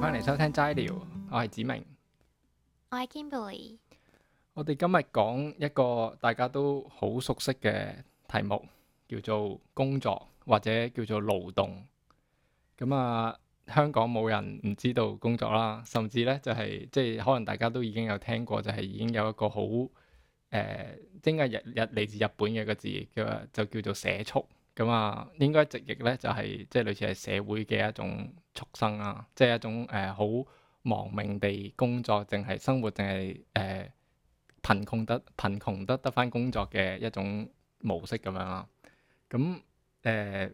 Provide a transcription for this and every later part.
翻嚟收聽齋聊，我係梓明，我係 Kimberly。我哋今日講一個大家都好熟悉嘅題目，叫做工作或者叫做勞動。咁啊，香港冇人唔知道工作啦，甚至咧就係、是、即係可能大家都已經有聽過，就係、是、已經有一個好誒，應該日日嚟自日本嘅個字，叫就叫做社畜。咁啊、嗯，應該直譯咧就係、是、即係類似係社會嘅一種畜生啊，即係一種誒好、呃、亡命地工作，淨係生活，淨係誒貧窮得貧窮得得翻工作嘅一種模式咁樣啦、啊。咁、嗯、誒、呃、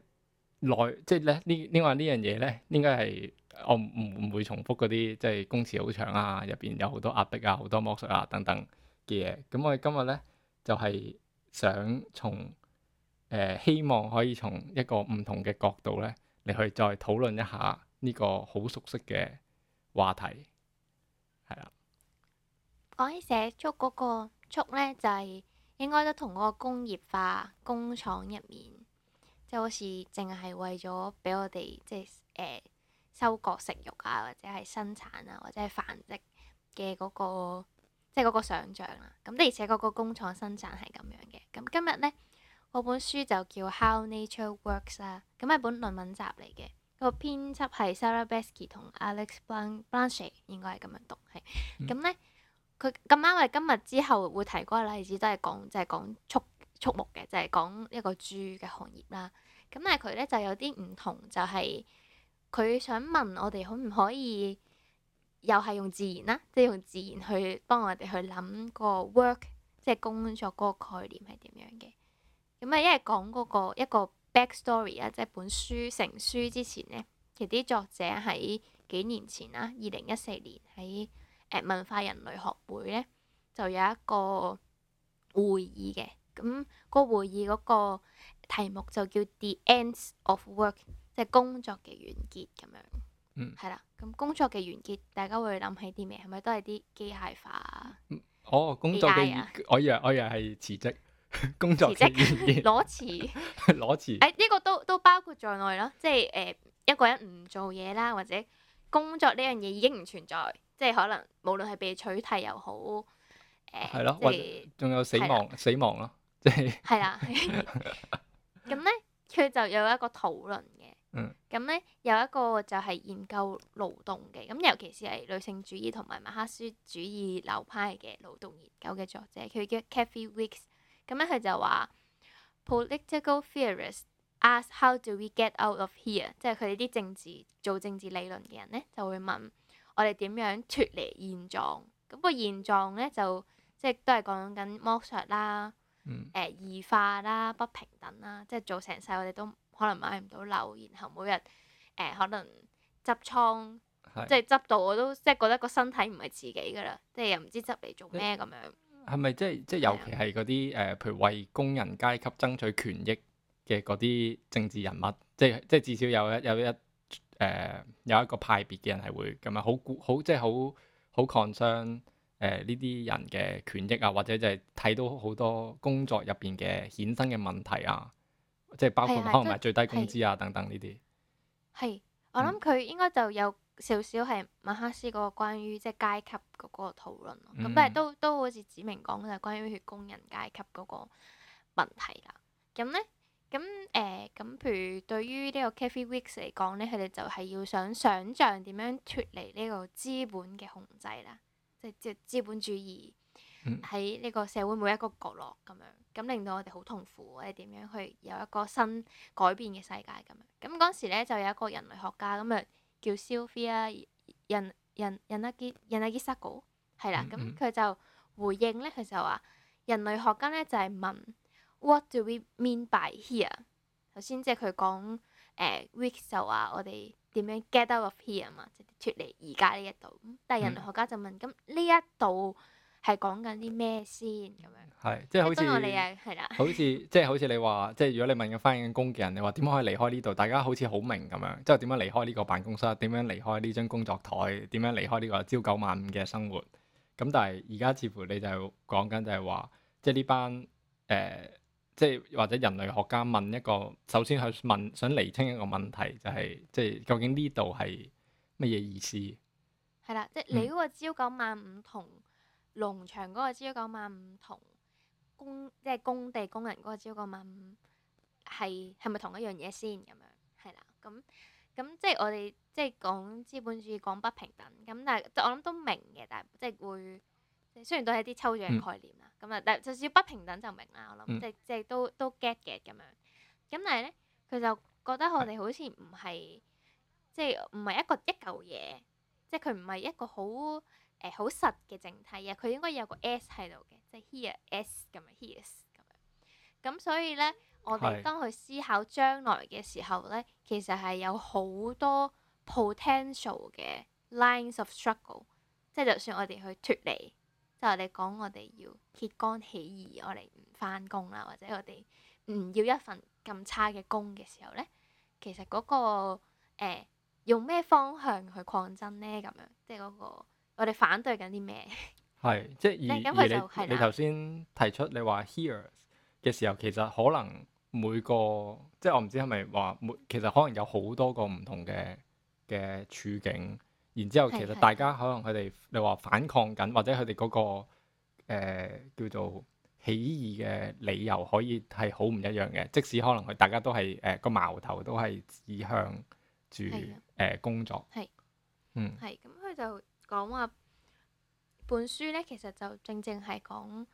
內即係咧呢呢個呢樣嘢咧，應該係我唔唔會重複嗰啲即係工時好長啊，入邊有好多壓迫啊，好多剝削啊等等嘅嘢。咁我哋今日咧就係、是、想從誒、呃、希望可以從一個唔同嘅角度咧，你去再討論一下呢個好熟悉嘅話題，係啊。講起社畜嗰個畜咧，就係、是、應該都同嗰個工業化工廠入面，即、就、係、是、好似淨係為咗俾我哋即係誒收割食慾啊，或者係生產啊，或者係繁殖嘅嗰、那個，即係嗰個想像啦、啊。咁的而且確嗰個工廠生產係咁樣嘅。咁今日咧。嗰本書就叫《How Nature Works》啦，咁係本論文集嚟嘅。個編輯係 Sarah Besky 同 Alex Blanchette，應該係咁樣讀，係。咁咧、嗯，佢咁啱，我哋今日之後會提嗰個例子，都係講即係、就是、講畜畜牧嘅，就係、是、講一個豬嘅行業啦。咁但係佢咧就有啲唔同，就係、是、佢想問我哋可唔可以，又係用自然啦，即、就、係、是、用自然去幫我哋去諗嗰個 work，即係工作嗰個概念係點樣嘅。咁啊，一係講嗰個一個 back story 啊，即係本書成書之前咧，其啲作者喺幾年前啦，二零一四年喺誒文化人類學會咧就有一個會議嘅，咁個會議嗰個題目就叫 The Ends of Work，即係工作嘅完結咁樣，嗯，係啦，咁工作嘅完結，大家會諗起啲咩？係咪都係啲機械化啊？哦，工作嘅完、啊，我以為我以為係辭職。工作嘅原因，裸辭、裸辭，誒，呢個都都包括在內咯，即係誒一個人唔做嘢啦，或者工作呢樣嘢已經唔存在，即係可能無論係被取締又好誒，係咯，即係仲有死亡、死亡咯，即係係啦，咁咧佢就有一個討論嘅，咁咧有一個就係研究勞動嘅，咁尤其是係女性主義同埋馬克思主義流派嘅勞動研究嘅作者，佢叫 Kathy Weeks。咁咧佢就話 Political theorists ask how do we get out of here，即係佢哋啲政治做政治理論嘅人咧就會問我哋點樣脫離現狀。咁個現狀咧就即係都係講緊剝削啦、誒異、嗯呃、化啦、不平等啦，即係做成世我哋都可能買唔到樓，然後每日誒、呃、可能執倉是，即係執到我都即係覺得個身體唔係自己㗎啦，即係又唔知執嚟做咩咁樣。嗯係咪即係即係尤其係嗰啲誒，譬如為工人階級爭取權益嘅嗰啲政治人物，即係即係至少有一有一誒、呃、有一個派別嘅人係會咁樣啊，好固好即係好好 concern 誒呢啲人嘅權益啊，或者就係睇到好多工作入邊嘅衍生嘅問題啊，即係包括可能係最低工資啊是是等等呢啲。係，我諗佢應該就有。嗯少少係馬克思嗰個關於即係階級嗰個討論咯，咁不係都都好似梓明講就係、是、關於工人階級嗰個問題啦。咁咧，咁誒，咁、呃、譬如對於呢個 Kathi Weeks 嚟講咧，佢哋就係要想想象點樣脱離呢個資本嘅控制啦，即係即係資本主義喺呢個社會每一個角落咁樣，咁、嗯、令到我哋好痛苦，或者點樣去有一個新改變嘅世界咁樣。咁嗰時咧就有一個人類學家咁啊。叫 Sophia 人人人阿堅人阿堅沙哥係啦，咁、嗯、佢就回應咧，佢就話人類學家咧就係問 What do we mean by here？頭先即係佢講誒 We 就話、呃、我哋點樣 get out of here 嘛，即係脱離而家呢一度。但係人類學家就問咁呢一度。嗯係講緊啲咩先咁樣？係，即係好似，我哋係啦。 好似即係好似你話，即係如果你問個返緊工嘅人，你話點樣可以離開呢度？大家好似好明咁樣，即係點樣離開呢個辦公室？點樣離開呢張工作台？點樣離開呢個朝九晚五嘅生活？咁但係而家似乎你就講緊就係話，即係呢班誒、呃，即係或者人類學家問一個，首先去問想釐清一個問題，就係、是、即係究竟呢度係乜嘢意思？係啦，即係你嗰個朝九晚五同。農場嗰個朝九晚五同工，即係工地工人嗰個朝九晚五係係咪同一樣嘢先咁樣？係啦，咁咁即係我哋即係講資本主義，講不平等咁，但係我諗都明嘅，但係即係會雖然都係一啲抽象概念啦，咁啊、嗯，但就算不平等就明啦，我諗、嗯、即係即係都都 get 嘅咁樣。咁但係咧，佢就覺得我哋好似唔係即係唔係一個一嚿嘢，即係佢唔係一個好。誒好實嘅整體啊，佢應該有個 s 喺度嘅，即係 here s 咁啊，here 咁樣。咁所以咧，我哋當佢思考將來嘅時候咧，是其實係有好多 potential 嘅 lines of struggle 即即。即係就算我哋去脱離，即係我哋講我哋要揭竿起義，我哋唔翻工啦，或者我哋唔要一份咁差嘅工嘅時候咧，其實嗰、那個誒用咩方向去抗爭咧？咁樣即係嗰、那個。我哋反對緊啲咩？係、 嗯 嗯、即係而你 而你 你頭先提出你話 hears 嘅時候，其實可能每個即係我唔知係咪話每，其實可能有好多個唔同嘅嘅處境。然之後其實大家可能佢哋你話反抗緊，或者佢哋嗰個、呃、叫做起義嘅理由可以係好唔一樣嘅。即使可能佢大家都係誒個矛頭都係指向住誒、呃、工作係 嗯係咁，佢就。嗯講話本書咧，其實就正正係講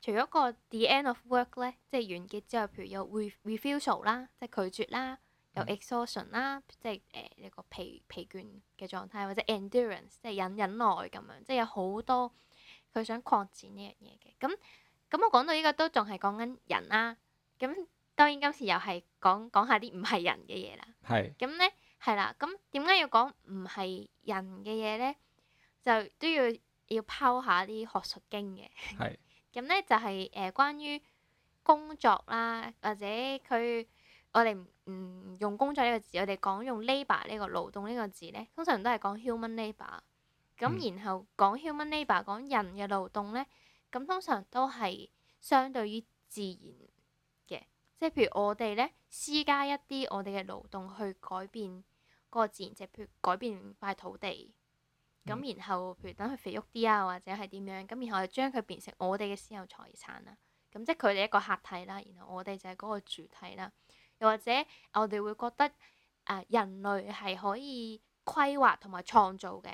除咗個 the end of work 咧，即係完結之後，譬如有 refusal 啦，即係拒絕啦，有 exhaustion 啦，嗯、即係誒一個疲疲倦嘅狀態，或者 endurance，即係忍忍耐咁樣，即係有好多佢想擴展呢樣嘢嘅。咁咁我講到呢個都仲係講緊人啦、啊。咁當然今次又係講講下啲唔係人嘅嘢是啦。係。咁咧係啦。咁點解要講唔係人嘅嘢咧？就都要要拋下啲學術經嘅，咁咧是 就係、是、誒、呃、關於工作啦，或者佢我哋唔用工作呢個字，我哋講用 labor 呢、這個勞動呢個字咧，通常都係講 human labor。咁然後講 human labor，講人嘅勞動咧，咁通常都係相對於自然嘅，即係譬如我哋咧施加一啲我哋嘅勞動去改變個自然，即譬如改變塊土地。咁然後，譬如等佢肥喐啲啊，或者係點樣？咁然後又將佢變成我哋嘅私有財產啦。咁即係佢哋一個客體啦，然後我哋就係嗰個主體啦。又或者我哋會覺得，誒、呃、人類係可以規劃同埋創造嘅，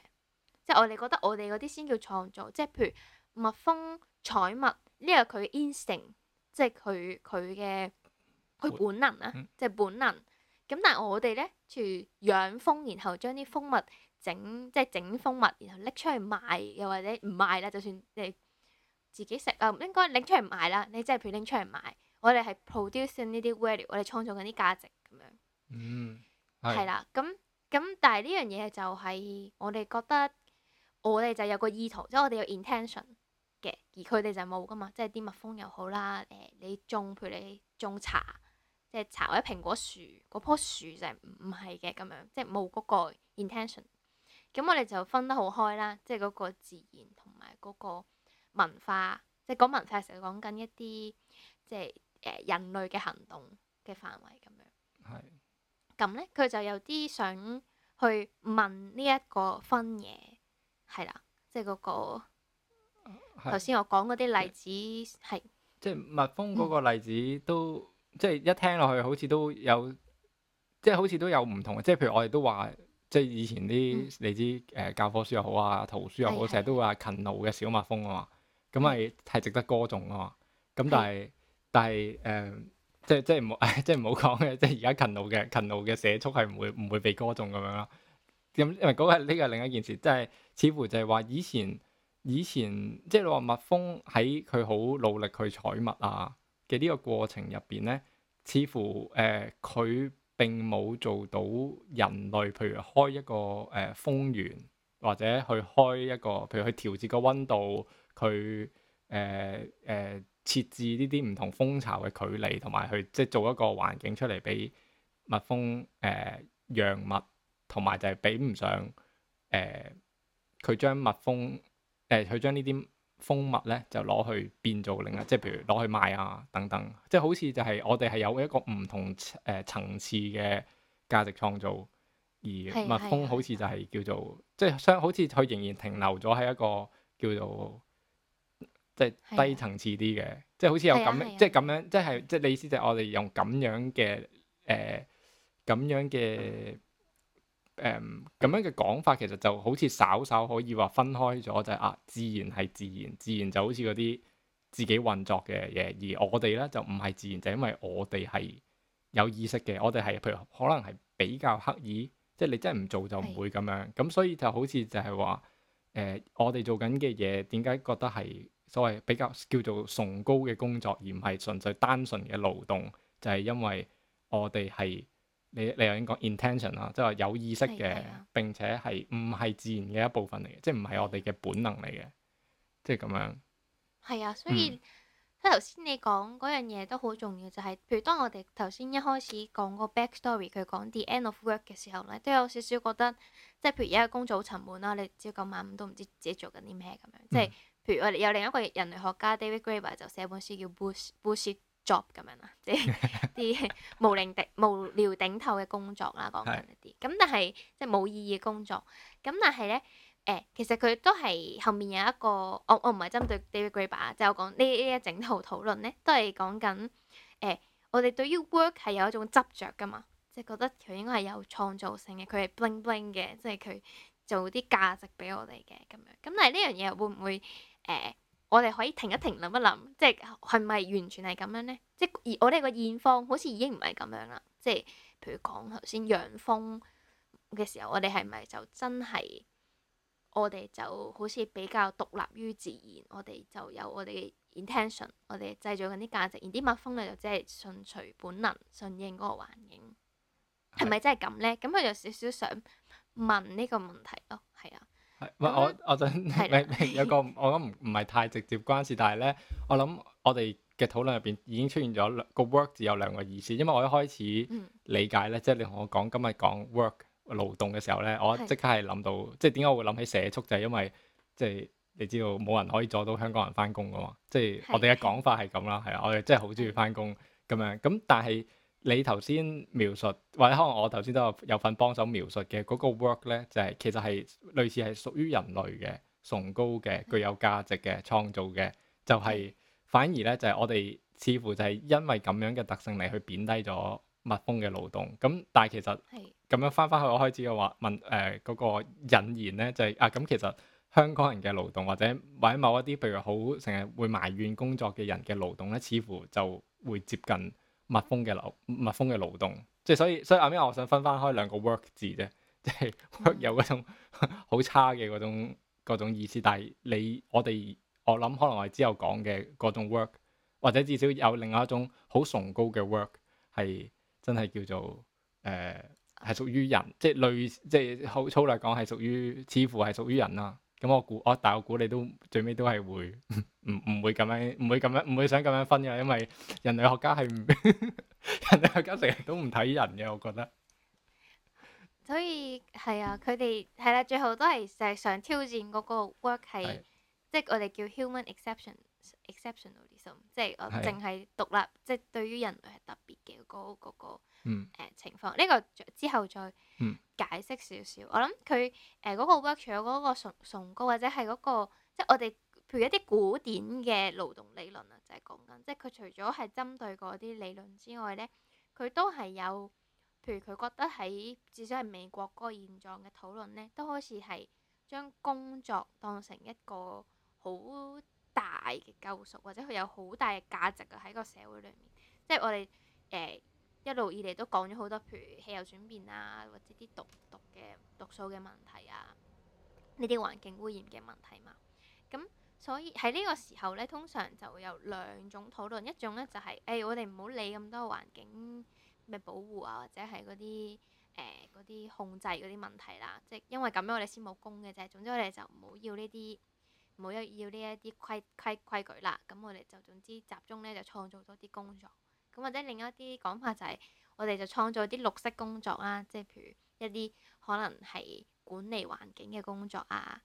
即係我哋覺得我哋嗰啲先叫創造。即係譬如蜜蜂採蜜，呢、這個佢 instinct，即係佢佢嘅佢本能啊，即係本能。咁、嗯、但係我哋咧，住養蜂，然後將啲蜂蜜。嗯整即係整蜂蜜，然後拎出去賣，又或者唔賣啦。就算你自己食啊，應該拎出去賣啦。你即係譬如拎出去賣，我哋係 producing 呢啲 value，我哋創造緊啲價值咁樣，係啦、嗯。咁咁，但係呢樣嘢就係我哋覺得我哋就有個意圖，即係我哋有 intention 嘅，而佢哋就冇噶嘛。即係啲蜜蜂又好啦，誒，你種譬如你種茶，即係茶或者蘋果樹嗰棵樹就唔係嘅咁樣，即係冇嗰個 intention。咁我哋就分得好開啦，即係嗰個自然同埋嗰個文化。即係講文化成日講緊一啲，即係誒、呃、人類嘅行動嘅範圍咁樣。係是。咁咧，佢就有啲想去問呢一個分嘢，係啦，即係嗰、嗰個頭先是我講嗰啲例子係。即係蜜蜂嗰個例子都，嗯、即係一聽落去好似都有，即係好似都有唔同嘅，即係譬如我哋都話。即係以前啲、嗯、你知誒、呃、教科書又好啊，圖書又好，成日、嗯、都話勤勞嘅小蜜蜂啊嘛，咁係係值得歌頌啊嘛。咁、嗯、但係但係誒、呃，即係即係唔好誒，即係唔好講嘅，即係而家勤勞嘅勤勞嘅社畜係唔會唔會被歌頌咁樣咯。咁因為嗰個呢個係另一件事，即、就、係、是、似乎就係話以前以前即係你話蜜蜂喺佢好努力去採蜜啊嘅呢個過程入邊咧，似乎誒佢。呃呃並冇做到人類，譬如開一個誒、呃、風源，或者去開一個，譬如去調節個温度，佢誒誒設置呢啲唔同蜂巢嘅距離，同埋去即係做一個環境出嚟俾蜜蜂誒養、呃、蜜，同埋就係比唔上誒佢、呃、將蜜蜂誒佢、呃、將呢啲。蜂蜜咧就攞去變做另一，即係譬如攞去賣啊等等，即係好似就係我哋係有一個唔同誒層次嘅價值創造，而蜜蜂好似就係叫做的即係相，好似佢仍然停留咗喺一個叫做即係低層次啲嘅，的即係好似有咁即係咁樣，即係即係你意思就係我哋用咁樣嘅誒咁樣嘅。誒咁樣嘅講法其實就好似稍稍可以話分開咗、啊，就係啊自然係自然，自然就好似嗰啲自己運作嘅嘢，而我哋咧就唔係自然，就是、因為我哋係有意識嘅，我哋係譬如可能係比較刻意，即係你真係唔做就唔會咁樣。咁是所以就好似就係話誒，我哋做緊嘅嘢點解覺得係所謂比較叫做崇高嘅工作，而唔係純粹單純嘅勞動，就係、是、因為我哋係。你你又應該講 intention 啦，即係話有意識嘅，啊、並且係唔係自然嘅一部分嚟嘅，即係唔係我哋嘅本能嚟嘅，即係咁樣。係啊，所以所以頭先你講嗰樣嘢都好重要，就係、是、譬如當我哋頭先一開始講個 backstory 佢講 end of work 嘅時候咧，都有少少覺得即係譬如而家工作好沉悶啦，你朝九晚五都唔知自己做緊啲咩咁樣，即係、嗯、譬如我哋有另一個人類學家 David Graeber 就寫本書叫《Bush Bush》。job 咁樣啦，即係啲無令頂無聊頂頭嘅工作啦，講緊一啲。咁但係即係冇意義嘅工作。咁、就是、 但係咧，誒、就是呃，其實佢都係後面有一個，我我唔係針對 David Graeber，即係我講呢呢一整套討論咧，都係講緊誒，我哋對於 work 係有一種執着噶嘛，即、就、係、是、覺得佢應該係有創造性嘅，佢係 bling bling 嘅，即係佢做啲價值俾我哋嘅咁樣。咁但係呢樣嘢會唔會誒？呃我哋可以停一停，諗一諗，即係係咪完全係咁樣呢？即係我哋個現況好似已經唔係咁樣啦。即係譬如講頭先養蜂嘅時候，我哋係咪就真係我哋就好似比較獨立於自然，我哋就有我哋嘅 intention，我哋製造緊啲價值，而啲蜜蜂咧就真係順隨本能，順應嗰個環境，係咪是真係咁呢？咁佢有少少想問呢個問題咯，係、哦、啊。係，唔係、嗯、我我想，的 有個我諗唔唔係太直接關事，但係咧，我諗我哋嘅討論入邊已經出現咗個 work 字有兩個意思，因為我一開始理解咧，即係、嗯、你同我講今日講 work 勞動嘅時候咧，我即刻係諗到，的即係點解我會諗起社畜，就係、是、因為即係、就是、你知道冇人可以阻到香港人翻工噶嘛，即、就、係、是、我哋嘅講法係咁啦，係啊的，我哋真係好中意翻工咁樣咁，但係。你頭先描述，或者可能我頭先都有份幫手描述嘅嗰、那個 work 呢，就係、是、其實係類似係屬於人類嘅崇高嘅、具有價值嘅創造嘅，就係、是、反而呢，就係、是、我哋似乎就係因為咁樣嘅特性嚟去貶低咗蜜蜂嘅勞動。咁但係其實咁是樣返返去我開始嘅話問誒嗰、呃那個引言呢，就係、是、啊咁其實香港人嘅勞動或者或者某一啲譬如好成日會埋怨工作嘅人嘅勞動呢，似乎就會接近，蜜蜂嘅勞蜜蜂嘅勞動，即係所以所以阿 m 我想分翻開兩個 work 字啫，即 係 work 有嗰種好 差嘅嗰種，嗰種意思，但係你我哋我諗可能我之後講嘅嗰種 work，或者至少有另外一種好崇高嘅 work 係真係叫做誒係屬於人，即係類即係好粗略講係屬於似乎係屬於人啦。咁我估，我但我估你都最尾都係會，唔唔會咁樣，唔會咁樣，唔會想咁樣分嘅，因為人類學家係唔， 人類學家成日都唔睇人嘅，我覺得。所以係啊，佢哋係啦，最後都係成日想挑戰嗰個 work 係，即係是我哋叫 human exception。Exceptionalism，即係我淨係獨立，是即係對於人類係特別嘅嗰嗰個、嗯呃、情況。呢、這個之後再解釋少少。嗯、我諗佢誒嗰個 work，除咗嗰個崇崇高或者係嗰、那個，即係我哋譬如一啲古典嘅勞動理論啊，就係講緊，即係佢除咗係針對嗰啲理論之外咧，佢都係有譬如佢覺得喺至少係美國嗰個現狀嘅討論咧，都好似係將工作當成一個好大嘅救贖，或者佢有好大嘅價值啊！喺個社會裏面，即係我哋誒、欸、一路以嚟都講咗好多，譬如氣候轉變啦、啊，或者啲毒毒嘅毒素嘅問題啊，呢啲環境污染嘅問題嘛。咁所以喺呢個時候呢，通常就會有兩種討論，一種呢就係、是、誒、欸、我哋唔好理咁多環境咩保護啊，或者係嗰啲誒嗰啲控制嗰啲問題啦。即係因為咁樣我哋先冇工嘅啫。總之我哋就唔好要呢啲。冇要呢一啲規規規矩啦，咁我哋就總之集中咧，就創造多啲工作。咁或者另一啲講法就係我哋就創造啲綠色工作啦，即係譬如一啲可能係管理環境嘅工作啊，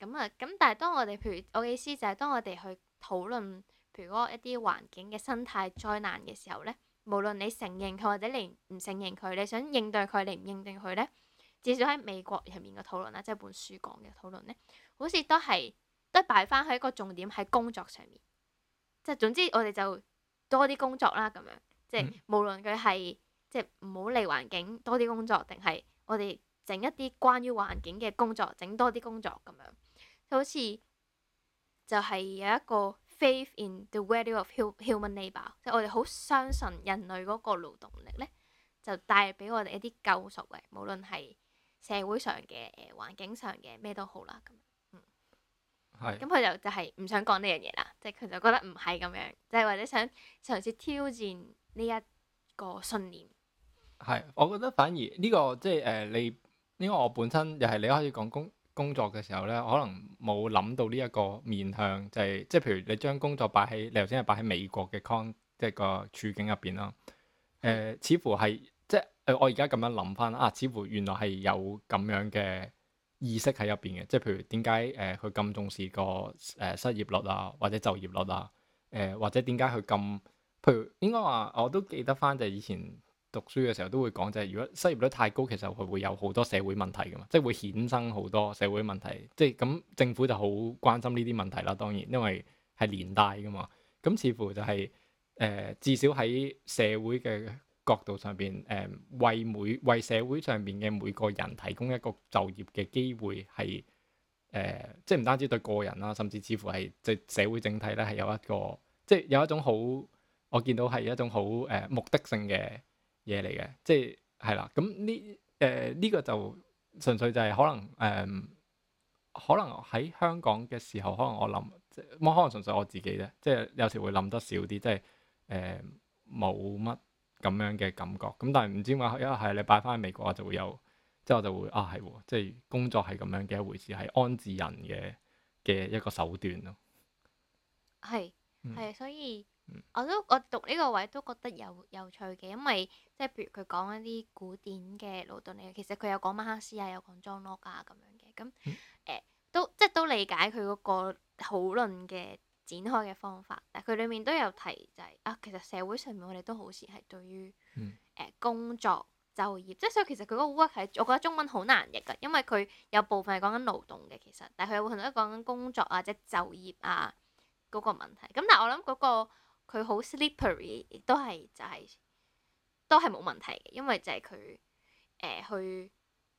誒咁啊，咁但係當我哋譬如我嘅意思就係當我哋去討論譬如嗰一啲環境嘅生態災難嘅時候咧，無論你承認佢或者你唔承認佢，你想應對佢你唔認定佢咧，至少喺美國入面嘅討論啦，即係本書講嘅討論咧，好似都係。都擺翻喺一個重點喺工作上面，即係總之我哋就多啲工作啦咁樣，即係、嗯、無論佢係即係唔好理環境多啲工作，定係我哋整一啲關於環境嘅工作，整多啲工作咁樣。就好似就係有一個 faith in the value of human labour，即係我哋好相信人類嗰個勞動力咧，就帶俾我哋一啲救贖嘅，無論係社會上嘅誒、呃、環境上嘅咩都好啦咁。咁佢是就就係唔想講呢樣嘢啦，即係佢就覺得唔係咁樣，即、就、係、是、或者想嘗試挑戰呢一個信念。係，我覺得反而呢、這個即係誒你，因為我本身又係你開始講工工作嘅時候咧，可能冇諗到呢一個面向，就係、是、即係譬如你將工作擺喺你頭先係擺喺美國嘅 con 即係個處境入邊啦。誒、呃，似乎係即係誒、呃、我而家咁樣諗翻啊，似乎原來係有咁樣嘅。意識喺入邊嘅，即係譬如點解誒佢咁重視個誒、呃、失業率啊，或者就業率啊，誒、呃、或者點解佢咁？譬如應該話我都記得返，就係以前讀書嘅時候都會講，就係如果失業率太高，其實佢會有好多社會問題㗎嘛，即係會衍生好多社會問題，即係咁政府就好關心呢啲問題啦。當然，因為係年代㗎嘛，咁似乎就係、是、誒、呃、至少喺社會嘅，角度上邊，誒、呃、為每為社會上邊嘅每個人提供一個就業嘅機會，係、呃、誒，即係唔單止對個人啦，甚至似乎係即係社會整體咧，係有一個即係有一種好，我見到係一種好誒、呃、目的性嘅嘢嚟嘅，即係係啦。咁呢誒呢個就純粹就係可能誒、呃，可能喺香港嘅時候，可能我諗，即係可能純粹我自己啫，即係有時會諗得少啲，即係誒冇乜。呃咁樣嘅感覺，咁但係唔知點解，因為係你擺翻去美國啊，就會有，之後就會啊，係喎，即係工作係咁樣嘅一回事，係安置人嘅嘅一個手段咯。係係，所以我都我讀呢個位都覺得有有趣嘅，因為即係譬如佢講一啲古典嘅勞動理論，其實佢有講馬克思啊，有講 John Locke 啊咁樣嘅，咁誒、呃、都即係都理解佢嗰個討論嘅。展開嘅方法，但係佢裡面都有提就係啊，其實社會上面我哋都好似係對於誒、嗯呃、工作、就業，即係所以其實佢嗰個 work 係我覺得中文好難譯嘅，因為佢有部分係講緊勞動嘅，其實但係佢會同啲講緊工作或者就業啊嗰、嗰個問題。咁但係我諗嗰、嗰個佢好 slippery，亦都係就係都係冇問題嘅，因為就係佢誒去。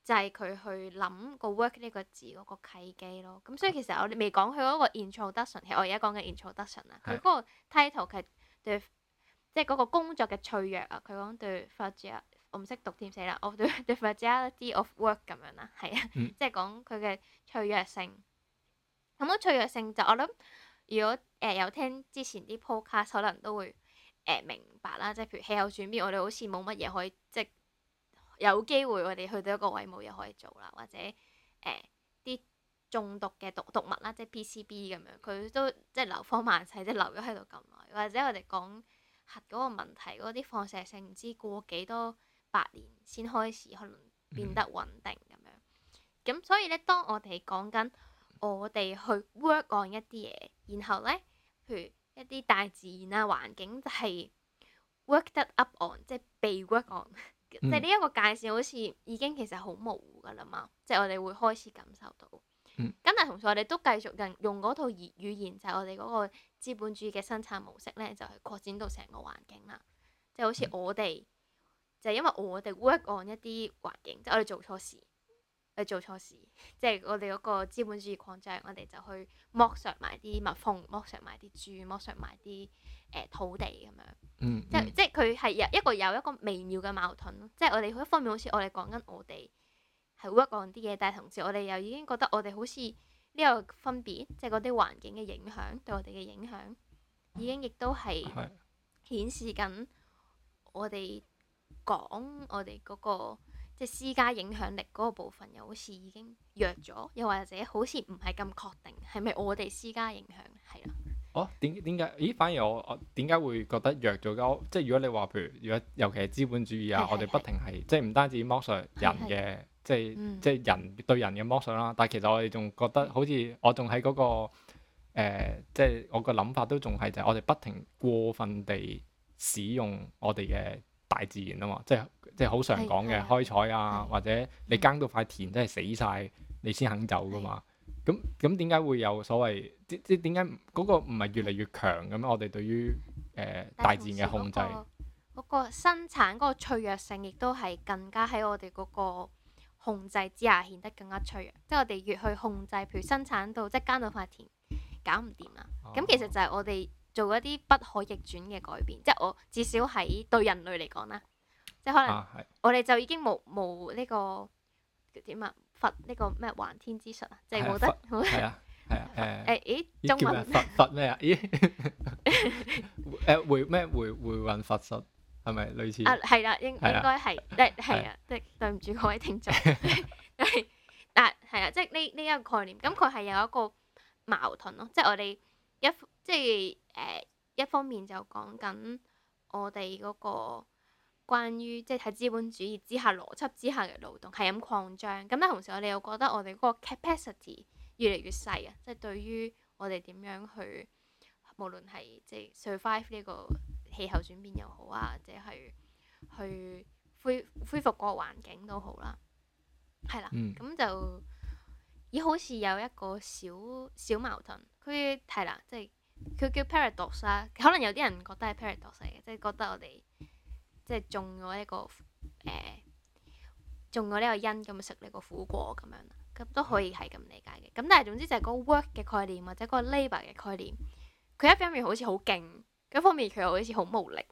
就係佢去諗個 work 呢個字嗰個契機咯，咁所以其實我哋未講佢嗰個 introduction，其實我而家講緊 introduction 啊，佢嗰個 title 係 the 即係、就、嗰、是、個工作嘅脆弱啊，佢講對 fragility 我唔識讀添寫啦，我對對 fragility of work 咁樣啦，係啊，即係講佢嘅脆弱性。咁、那、啊、個、脆弱性就我諗，如果誒、呃、有聽之前啲 podcast，可能都會誒、呃、明白啦，即係譬如氣候轉變，我哋好似冇乜嘢可以即有機會，我哋去到一個位冇嘢可以做啦，或者誒啲、呃、中毒嘅毒毒物啦、啊，即係 P C B 咁樣，佢都即係流芳萬世，即係留咗喺度咁耐，或者我哋講核嗰個問題，嗰啲放射性唔知過幾多百年先開始可能變得穩定咁樣。咁所以咧，當我哋講緊我哋去 work on 一啲嘢，然後咧，譬如一啲大自然啊環境，就係 work that up on，即係被 work on。即係呢一個界線，好似已經其實好模糊噶啦嘛。即係我哋會開始感受到，咁、嗯、但係同時我哋都繼續用用嗰套語言，就係我哋嗰個資本主義嘅生產模式咧，就係擴展到成個環境啦。即係好似我哋、嗯、就因為我哋 work on 一啲環境，即係我哋做錯事。去做錯事，即係我哋嗰個資本主義擴張，我哋就去剝削埋啲蜜蜂，剝削埋啲豬，剝削埋啲誒土地咁樣。嗯、即係、嗯、即係佢係有一個有一個微妙嘅矛盾咯。即係我哋好，一方面好似我哋講緊我哋係 work on 啲嘢，但係同時我哋又已經覺得我哋好似呢個分別，即係嗰啲環境嘅影響對我哋嘅影響已經亦都係顯示緊我哋講我哋嗰、嗰個。即私家影響力嗰個部分又好似已經弱咗，又或者好似唔係咁確定係咪我哋私家影響？係啊，哦點點解？咦，反而我我點解會覺得弱咗？即係如果你話譬如，如果尤其係資本主義啊，係係係我哋不停係係即係唔單止剝削人嘅，係係係即係、嗯、即係人對人嘅剝削啦。但係其實我哋仲覺得好似我仲喺嗰個、嗯呃、即係我個諗法都仲係就係我哋不停過分地使用我哋嘅。大自然啊嘛，即係即係好常講嘅、嗯、開採啊，嗯、或者你耕到塊田真係死晒，嗯、你先肯走㗎嘛。咁咁點解會有所謂？即即點解嗰個唔係越嚟越強咁？我哋對於誒、呃、大自然嘅控制，嗰、嗰個嗰個生產嗰個脆弱性亦都係更加喺我哋嗰個控制之下顯得更加脆弱。即、就、係、是、我哋越去控制，譬如生產到即係、就係、耕到塊田搞唔掂啦。咁、啊、其實就係我哋。做一啲不可逆轉嘅改變，即係我至少喺對人類嚟講啦，即係可能我哋就已經冇冇呢個點啊，佛呢個咩還天之術啊，即係冇得係啊係啊誒誒，中文佛佛咩啊？咦誒回咩回回運佛術係咪類似啊？係啦，應應該係誒係啊，即係對唔住各位聽眾，但係啊係啊，即係呢呢一個概念，咁佢係有一個矛盾咯，即係我哋一。即係誒、呃，一方面就講緊我哋嗰個關於即係喺資本主義之下邏輯之下嘅勞動係咁擴張，咁、嗯、咧同時我哋又覺得我哋嗰個 capacity 越嚟越細啊，即係對於我哋點樣去無論係即係 survive 呢個氣候轉變又好啊，或者係去恢恢復個環境都好啦，係啦、嗯，咁就咦好似有一個小小矛盾，佢係啦，即係。佢叫 paradox 啦，可能有啲人覺得係 paradox 嚟嘅，即係覺得我哋即係種咗一個誒種咗呢個因，咁食呢個苦果咁樣咁都可以係咁理解嘅。咁但係總之就係個 work 嘅概念或者個 labor 嘅概念，佢一方面好似好勁，另一方面佢又好似好無力，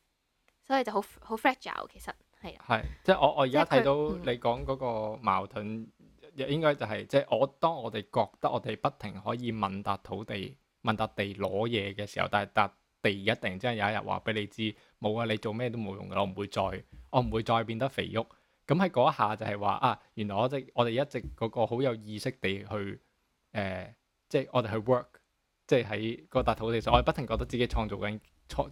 所以就好好 fragile 其實係。係即係我我而家睇到、嗯、你講嗰個矛盾，又應該就係、係、即係我當我哋覺得我哋不停可以問答土地。問笪地攞嘢嘅時候，但係笪地一定即係有一日話俾你知冇啊！你做咩都冇用嘅，我唔會再，我唔會再變得肥沃。咁喺嗰一下就係話啊，原來我哋我哋一直嗰個好有意識地去誒，即、呃、係、就是、我哋去 work，即係喺個笪土地上，我係不停覺得自己創造緊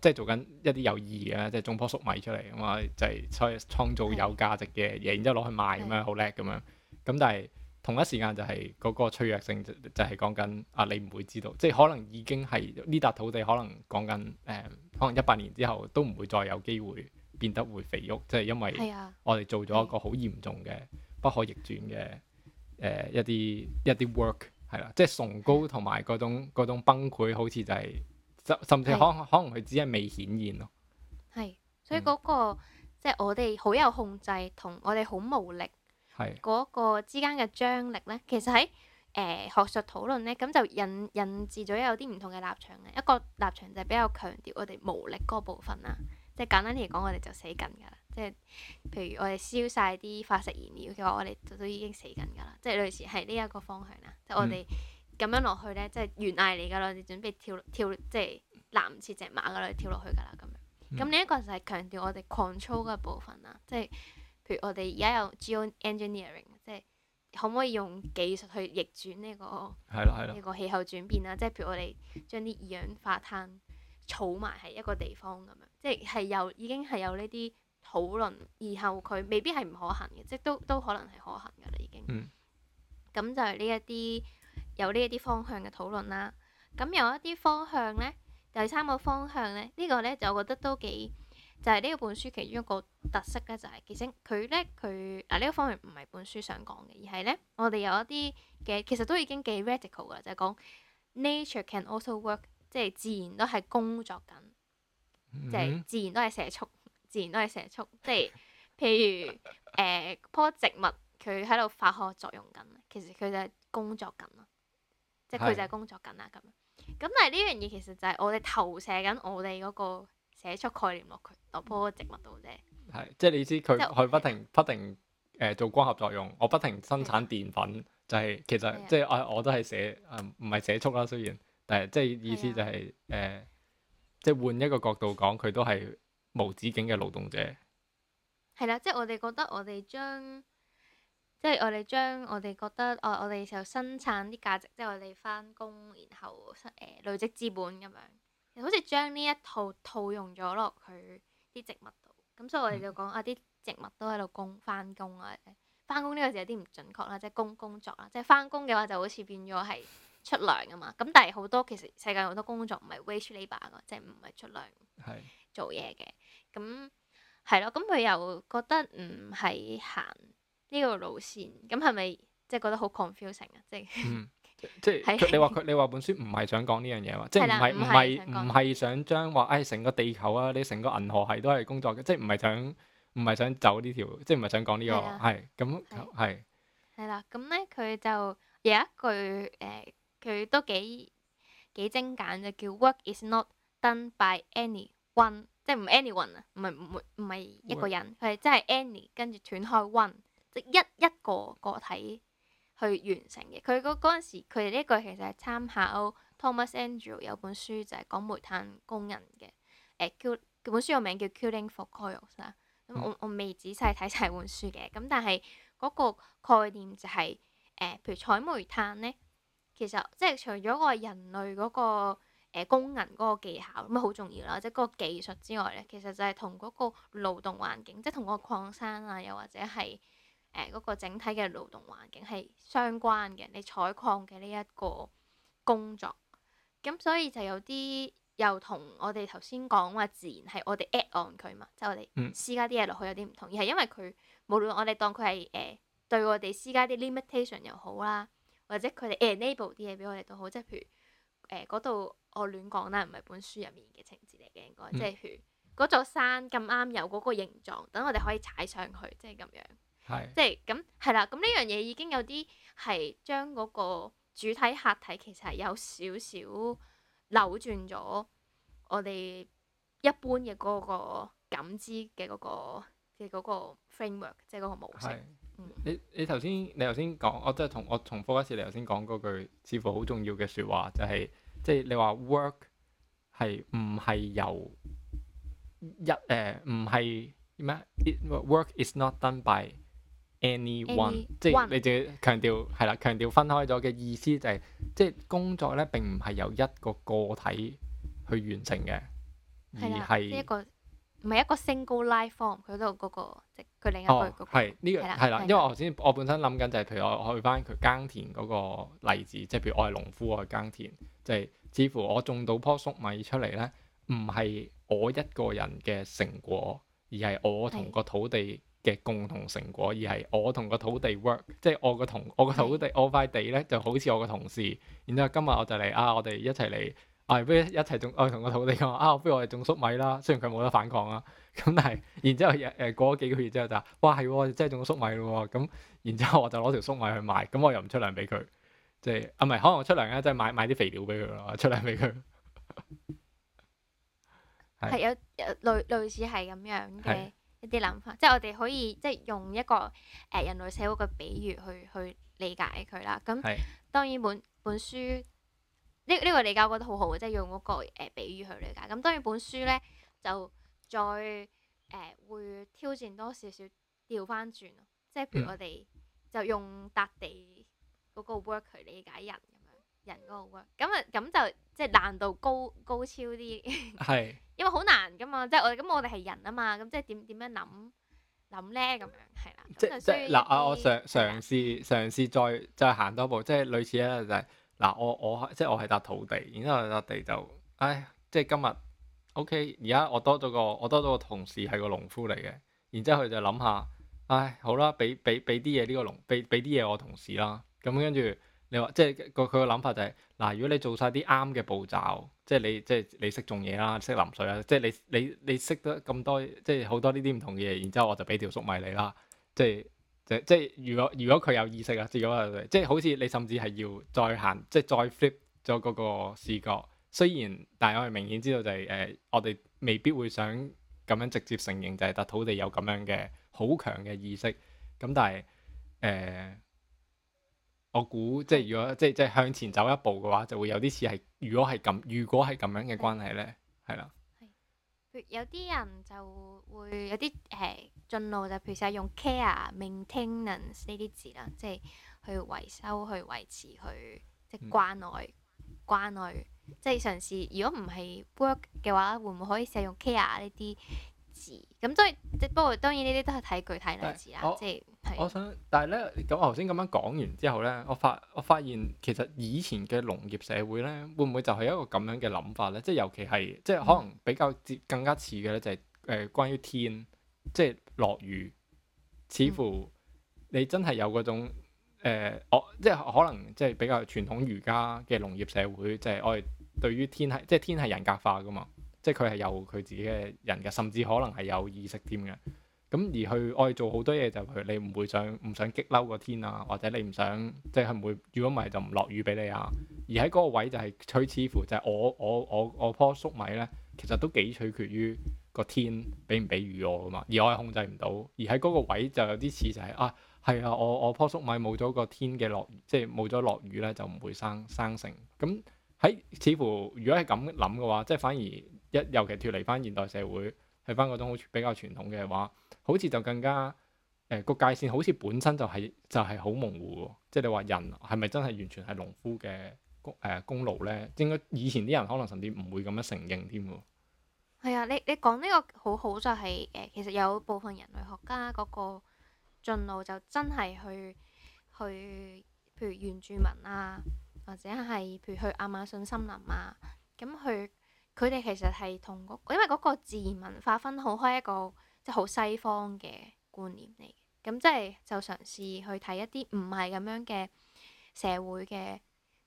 即係做緊一啲有意義嘅，即係種樖粟米出嚟咁啊，我就係創造有價值嘅嘢，的然之後攞去賣咁樣好叻咁樣。咁的但係。同一時間就係嗰個脆弱性就，就就係講緊啊，你唔會知道，即、就、係、是、可能已經係呢笪土地，可能講緊誒，可能一百年之後都唔會再有機會變得會肥沃，即、就、係、是、因為我哋做咗一個好嚴重嘅不可逆轉嘅誒、啊呃、一啲一啲 work 係啦、啊，即、就、係、是、崇高同埋嗰種崩潰好、就是，好似就係甚甚至可能、啊、可能佢只係未顯現咯。係、啊，所以嗰、那個即係、嗯、我哋好有控制，同我哋好無力。嗰個之間嘅張力咧，其實喺誒、呃、學術討論咧，咁就引引致咗有啲唔同嘅立場嘅。一個立場就係比較強調我哋無力嗰部分啦，即係簡單嚟講，我哋就死緊㗎啦。即係譬如我哋燒晒啲化石燃料嘅話，我哋就都，都已經死緊㗎啦。即係類似係呢一個方向啦、嗯，即係我哋咁樣落去咧，即係懸崖嚟㗎咯，你準備跳跳，即係勒唔切隻馬㗎啦，跳落去㗎啦咁樣。咁另一個就係強調我哋 control 嘅部分啦，即係。譬如我哋而家有 geoengineering，即係可唔可以用技術去逆轉呢、呢個係咯係咯呢個氣候轉變啦， 即係譬如我哋將啲二氧化碳儲埋喺一個地方咁樣，即係係有已經係有呢啲討論，然後佢未必係唔可行嘅，即係都都可能係可行㗎啦已經。嗯。咁 就係呢一啲有呢一啲方向嘅討論啦。咁有一啲方向咧，第三個方向咧，呢個、呢個咧就我覺得都幾。就係呢個本書其中一個特色咧，就係、是、其實佢咧佢嗱呢、呃這個方面唔係本書想講嘅，而係咧我哋有一啲嘅其實都已經幾 radical 嘅，就係、是、講 nature can also work，即係自然都係工作緊，即係、嗯、哼自然都係社畜，自然都係社畜，即係譬如誒、呃、棵植物佢喺度發酵作用緊，其實佢就係工作緊啦，即係佢就係工作緊啦咁。咁是但係呢樣嘢其實就係我哋投射緊我哋嗰、那個。寫出概念落去，落棵植物度啫。係，即係你知佢佢 不停不停誒、呃、做光合作用，我不停生產澱粉，的就係其實的即係我我都係寫誒，唔、呃、係寫速啦，雖然，但係即係意思就係、是、誒的、呃，即係換一個角度講，佢都係無止境嘅勞動者。係啦，即係我哋覺得我哋將，即係我哋將我哋覺得，啊、我我哋就生產啲價值，即係我哋翻工，然後誒、呃、累積資本咁樣。好似將呢一套套用咗落佢啲植物度，咁所以我哋就講、嗯、啊啲植物都喺度工翻工啊，翻工呢個詞有啲唔準確啦，即係工工作啦，即係翻工嘅話就好似變咗係出糧啊嘛，咁但係好多其實世界好多工作唔係 wage labour，即係唔係出糧是做嘢嘅，咁係咯，咁佢又覺得唔係行呢個路線，咁係咪即係覺得好 confusing 啊？即係。嗯即係你話佢，你話本書唔係想講呢樣嘢嘛？的即係唔係唔係唔係想將話，誒成個地球啊，你成個銀河系都係工作嘅，即係唔係想唔係想走呢條，即係唔係想講呢個係咁係。係啦是的 的，咁咧佢就有一句誒，佢、呃、都幾幾精簡就叫 Work is not done by anyone，即係唔 anyone 啊，唔係唔沒唔係一個人，佢係真係 any 跟住斷開 one，即係一一個個體。去完成嘅，佢嗰嗰陣時，佢哋呢個其實係參考 Thomas Andrew 有本書就係、是、講煤炭工人嘅，誒、呃、本書個名叫《Killing for Coal》啦、嗯。咁、嗯、我我未仔細睇晒本書嘅，咁、嗯、但係嗰個概念就係、是、誒、呃，譬如採煤炭咧，其實即係除咗個人類嗰個工人嗰個技巧咁啊，好重要啦，即係嗰個技術之外咧，其實就係同嗰個勞動環境，即係同個礦山啊，又或者係。誒嗰、呃嗰個整體嘅勞動環境係相關嘅，你採礦嘅呢一個工作咁，所以就有啲又同我哋頭先講話自然係我哋 add on 佢嘛，即係我哋施加啲嘢落去有啲唔同，而係因為佢無論我哋當佢係誒對我哋施加啲 limitation 又好啦，或者佢哋 enable 啲嘢俾我哋都好，即係譬如誒嗰度我亂講啦，唔係本書入面嘅情節嚟嘅，應該即係譬如嗰座山咁啱有嗰個形狀，等我哋可以踩上去，即係咁樣。是即係咁係啦，咁呢樣嘢已經有啲係將嗰個主體客體其實係有少少扭轉咗我哋一般嘅嗰個感知嘅嗰、嗰個嘅嗰個 framework，即係嗰個模式。是嗯、你你頭先你頭先講，我即係同我重複一次你頭先講嗰句似乎好重要嘅説話，就係即係你話 work 係唔係由一誒唔係咩 work is not done by anyone，Any one. 即係你就要強調係啦，強調分開咗嘅意思就係、是，即係工作咧並唔係由一個個體去完成嘅，而係、這個、一個唔係、那個、一個 single life form。佢度嗰個即佢另一個。係呢個係啦，因為我頭先我本身諗緊就係譬如我去翻佢耕田嗰個例子，即係譬如我係農夫我去耕田，就係、是、似乎我種到樖粟米出嚟咧，唔係我一個人嘅成果，而係我同個土地。嘅共同成果，而係我同個土地 work，即係我個同我個土地，我塊地咧就好似我個同事。然之後今日我就嚟啊，我哋一齊嚟啊，不如一齊種。我同個土地講啊，不如我哋種粟米啦。雖然佢冇得反抗啦，咁但係，然之後誒過咗幾個月之後就話，哇係，啊、真係種粟米咯。咁然之後我就攞條粟米去賣，咁我又唔出糧俾佢，即係啊唔係可能我出糧啊，即係買買啲肥料俾佢咯，出糧俾佢。係 是有類類似係咁樣嘅。一啲諗法，即係我哋可以即係用一個誒、呃、人類社會嘅比喻去去理解佢啦。咁、嗯嗯、當然本本書呢呢、呢個呢個理解我覺得好好即係用嗰個、呃、比喻去理解。咁、嗯、當然本書咧就再誒、呃、會挑戰多少少調返轉即係譬如我哋、嗯、就用搭地嗰個 work 理解人。人嘅喎，咁啊，咁就即係、就是、難度高高超啲，係是，因為好難㗎嘛，即、就、係、是、我咁我哋係人啊嘛，咁即係點點樣諗諗咧咁樣，係啦，即即嗱啊，我嘗嘗試,的嘗,試嘗試再再行多步，即係類似咧就係、是、嗱我我即係我係笪土地，然之後笪地就，唉，即係今日 OK，而家我多咗個我多咗個同事係個農夫嚟嘅，然之後佢就諗下，唉，好啦，俾俾俾啲嘢呢個農，俾俾啲嘢我同事啦，咁跟住。你話即係佢佢個諗法就係、是、嗱，如果你做晒啲啱嘅步驟，即係你即係你識種嘢啦，識淋水啦，即係你你你識得咁多，即係好多呢啲唔同嘢。然之後我就俾條粟米你啦，即係即即係如果如果佢有意識啊，即係好似你甚至係要再行，即係再 flip 咗嗰個視覺。雖然但係我係明顯知道就係、是、誒、呃，我哋未必會想咁樣直接承認就係但土地有咁樣嘅好強嘅意識。咁但係誒。呃我估即係如果即係即係向前走一步嘅話，就會有啲似係。如果係咁，如果係咁樣嘅關係咧，係是啦。係，有啲人就會有啲誒進路就譬如係用 care、maintenance 呢啲字啦，即係去維修、去維持、去即係關愛、嗯、關愛。即係嘗試，如果唔係 work 嘅話，會唔會可以使用 care 呢啲？咁所以，即不過當然呢啲都係睇具體例子啦。即係我想，但係咧咁，我頭先咁樣講完之後咧，我發我發現其實以前嘅農業社會咧，會唔會就係一個咁樣嘅諗法咧？即係尤其係，即係可能比較接更加似嘅咧、就是，就係誒關於天，即係落雨，似乎你真係有嗰種誒，我、呃哦、即係可能即係比較傳統儒家嘅農業社會，就係、是、我哋對於天係，即係天係人格化噶嘛。即係佢係有佢自己嘅人嘅，甚至可能係有意識添嘅。咁而去我哋做好多嘢，就譬如你唔會想唔想激嬲個天啊，或者你唔想即係唔會，如果唔係就唔落雨俾你啊。而喺嗰個位就係佢似乎就係我我我我棵粟米咧，其實都幾取決於個天俾唔俾雨我噶嘛。而我係控制唔到，而喺嗰個位就有啲似就係啊，係啊，我我棵粟米冇咗個天嘅落，即係冇咗落雨咧就唔會生生成。咁喺似乎如果係咁諗嘅話，即係反而。一尤其脫離翻現代社會，喺翻嗰種好比較傳統嘅話，好似就更加誒個、呃、界線，好似本身就係、是、就係、是、好模糊喎。即係你話人係咪真係完全係農夫嘅功功勞咧？應該以前啲人可能甚至唔會咁樣承認添㗎。係啊，你你講呢個好好就係、是、誒，其實有部分人類學家嗰個進路就真係去去譬如原住民啊，或者係譬如去亞馬遜森林啊，咁去。佢哋其實係同嗰、嗰個，因為嗰個自然文化分好開一個，即係好西方嘅觀念嚟。咁即係就嘗試去睇一啲唔係咁樣嘅社會嘅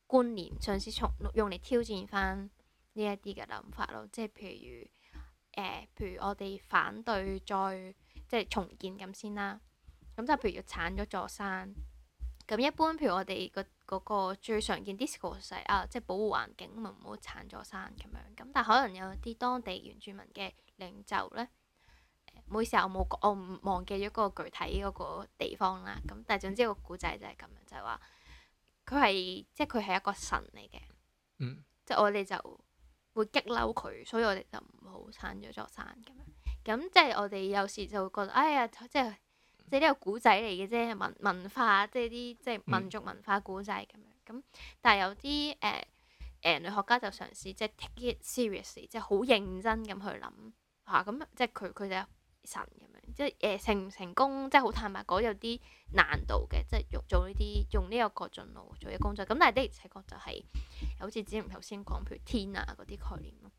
觀念，嘗試從用嚟挑戰返呢一啲嘅諗法咯。即、就、係、是、譬如誒、呃，譬如我哋反對再即係、就是、重建咁先啦。咁就譬如要剷咗座山。咁一般，譬如我哋個嗰個最常見 disco 就係啊，即係保護環境，唔好剷咗山咁樣。咁但係可能有啲當地原住民嘅領袖咧，每時候冇我唔忘記咗嗰個具體嗰個地方啦。咁但係總之個古仔就係咁樣，就係話佢係即係佢係一個神嚟嘅，嗯、即係我哋就會激嬲佢，所以我哋就唔好剷咗座山咁樣。咁即係我哋有時就會覺得，哎呀，即係。即係呢個古仔嚟嘅啫，文文化即係啲即係民族文化古仔咁樣咁。但係有啲誒誒人類學家就嘗試即係 take it serious，即係好認真咁去諗嚇咁，即係佢佢就神咁樣，即係誒成唔成功即係好坦白講有啲難度嘅，即係用做呢啲用呢個過盡路做嘅工作。咁但係的確就係好似梓明頭先講譬如天啊嗰啲概念咯，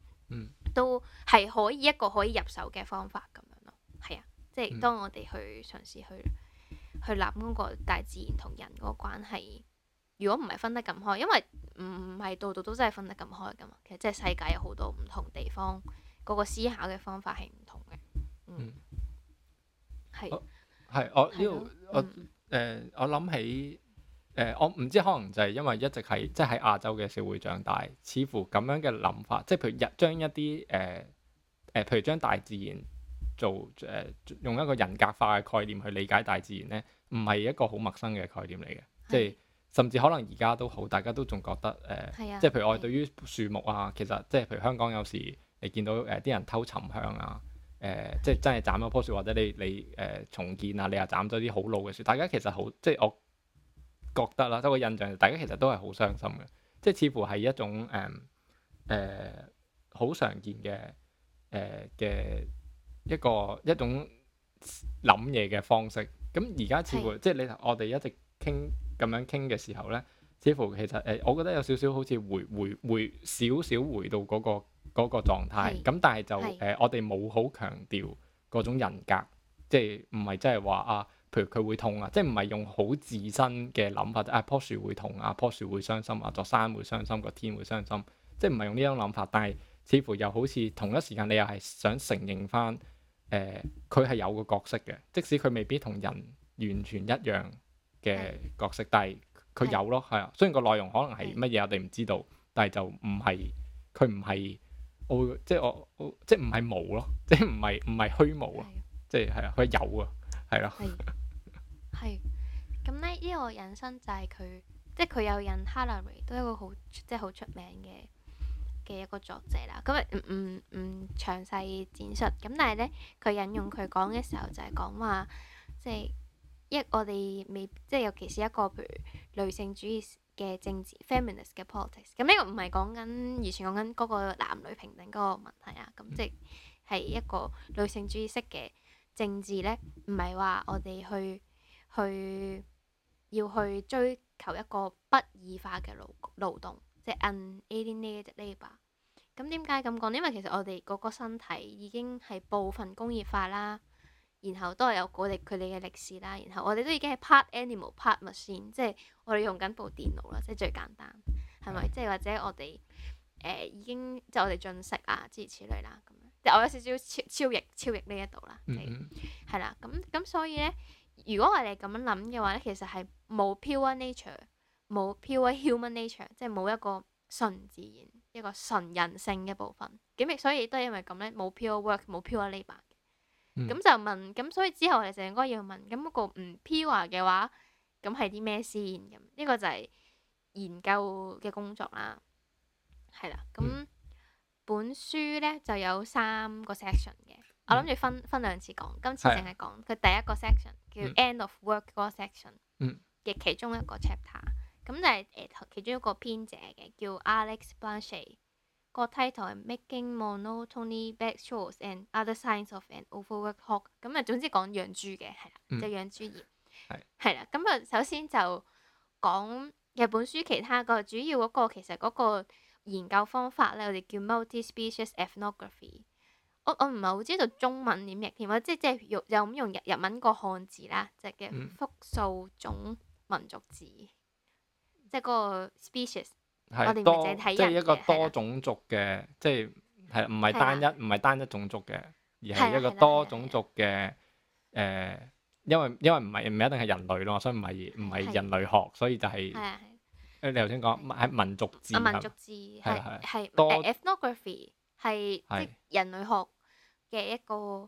都係可以一個可以入手嘅方法咁樣咯，係啊。即係當我哋去嘗試去去諗嗰個大自然同人嗰個關係，如果唔係分得咁開，因為唔唔係度度都真係分得咁開㗎嘛。其實即係世界有好多唔同地方，嗰個思考嘅方法係唔同嘅。嗯，係係、嗯、是我呢度我誒、這個、的我諗、呃、起誒、呃、我唔知可能就係因為一直係即係喺亞洲嘅社會長大，似乎咁樣嘅諗法，即、就、係、是、譬如日將一啲誒誒，譬如將大自然。做誒、呃、用一個人格化嘅概念去理解大自然咧，唔係一個好陌生嘅概念嚟嘅。是即係甚至可能而家都好，大家都仲覺得誒，呃啊、即係譬如我對於樹木啊，是其實即係譬如香港有時你見到誒啲、呃、人偷沉香啊，誒、呃、即係真係斬咗樖樹，或者你你誒、呃、重建啊，你又斬咗啲好老嘅樹，大家其實好即係我覺得啦，我個印象大家其實都係好傷心嘅，即係似乎係一種誒誒好常見嘅誒嘅。呃一個一種諗嘢嘅方式，咁而家似乎是即係你我哋一直傾咁樣傾嘅時候咧，似乎其實誒、呃，我覺得有少少好似回回回少少回到嗰、嗰個嗰、嗰個狀態，咁是但係就誒，呃、是我哋冇好強調嗰種人格，即係唔係即係話啊，譬如佢會痛啊，即係唔係用好自身嘅諗法，即係啊棵樹會痛啊，棵樹會傷心啊，座山會傷心，個天會傷心，即係唔係用呢種諗法，但係似乎又好似同一時間你又係想承認翻。誒，佢係、呃、有個角色嘅，即使佢未必同人完全一樣嘅角色，的但係佢有咯，係啊的。雖然個內容可能係乜嘢，我哋唔知道，但係就唔係佢唔係我，即係我，我，即係唔係冇咯，即係唔係唔係虛無啊，的即係係啊，佢有啊，係咯。係的，咁咧呢個引申就係佢，即係佢有引 Harari 都一個好即係好出名嘅。嘅一個作者啦，咁啊唔唔唔詳細展述咁，但係咧佢引用佢講嘅時候就係講話，即係一我哋未即係尤其是一個譬如女性主義嘅政治 （feminist 嘅 politics）。咁呢個唔係講緊完全講緊嗰個男女平等嗰個問題啊，咁即係一個女性主義式嘅政治咧，唔係話我哋去去要去追求一個不異化嘅勞勞動。即係 unalienated labour 咁點解咁講？因為其實我哋個個身體已經係部分工業化啦，然後都係有嗰啲佢哋嘅歷史啦。然後我哋都已經係 part animal part machine，即係我哋用緊部電腦啦，即、就、係、是、最簡單，係咪、嗯？即係、就是、或者我哋誒、呃、已經即係、就是、我哋進食啊，諸如此類啦。咁樣我有少少超超譯超譯呢一度啦，係、就是嗯嗯、啦。咁咁所以咧，如果我哋咁樣諗嘅話咧，其實係冇 pure nature。冇 pure human nature，即係冇一個純自然、一個純人性嘅部分。咁亦所以都係因為咁咧，冇 pure work，冇 pure labour。咁、嗯、就問咁，所以之後我哋就應該要問咁一、嗰個唔 pure 嘅話，咁係啲咩先？咁、這、呢個就係研究嘅工作啦，係啦。咁本書咧就有三個 section 嘅，我諗住分分兩次講，嗯、今次淨係講佢第一個 section 叫 End of Work 嗰 section 嘅、嗯、其中一個 chapter。咁就係誒其中一個編者嘅，叫 Alex Blanchette 個 title 係 Making Monotony Bedsores and Other Signs of an Overworked、嗯。Hog 咁啊，總之講養豬嘅係啦，就養、是、豬業係係啦。咁啊、嗯的嗯，首先就講日本書其他個主要嗰、那個其實嗰個研究方法咧，我哋叫 multi-species ethnography。我我唔係好知道中文點譯添，即者即係用又咁用日日文個漢字啦，就係、叫複數種民族字。嗯即係嗰個 species，我哋咪睇即係一個多種族嘅，即係係唔係單一唔係單一種族嘅，而係一個多種族嘅。誒，因為因為唔係唔一定係人類咯，所以唔係唔係人類學，所以就係誒你頭先講，唔係民族字。啊，民族字係係 ethnography 係即人類學嘅一個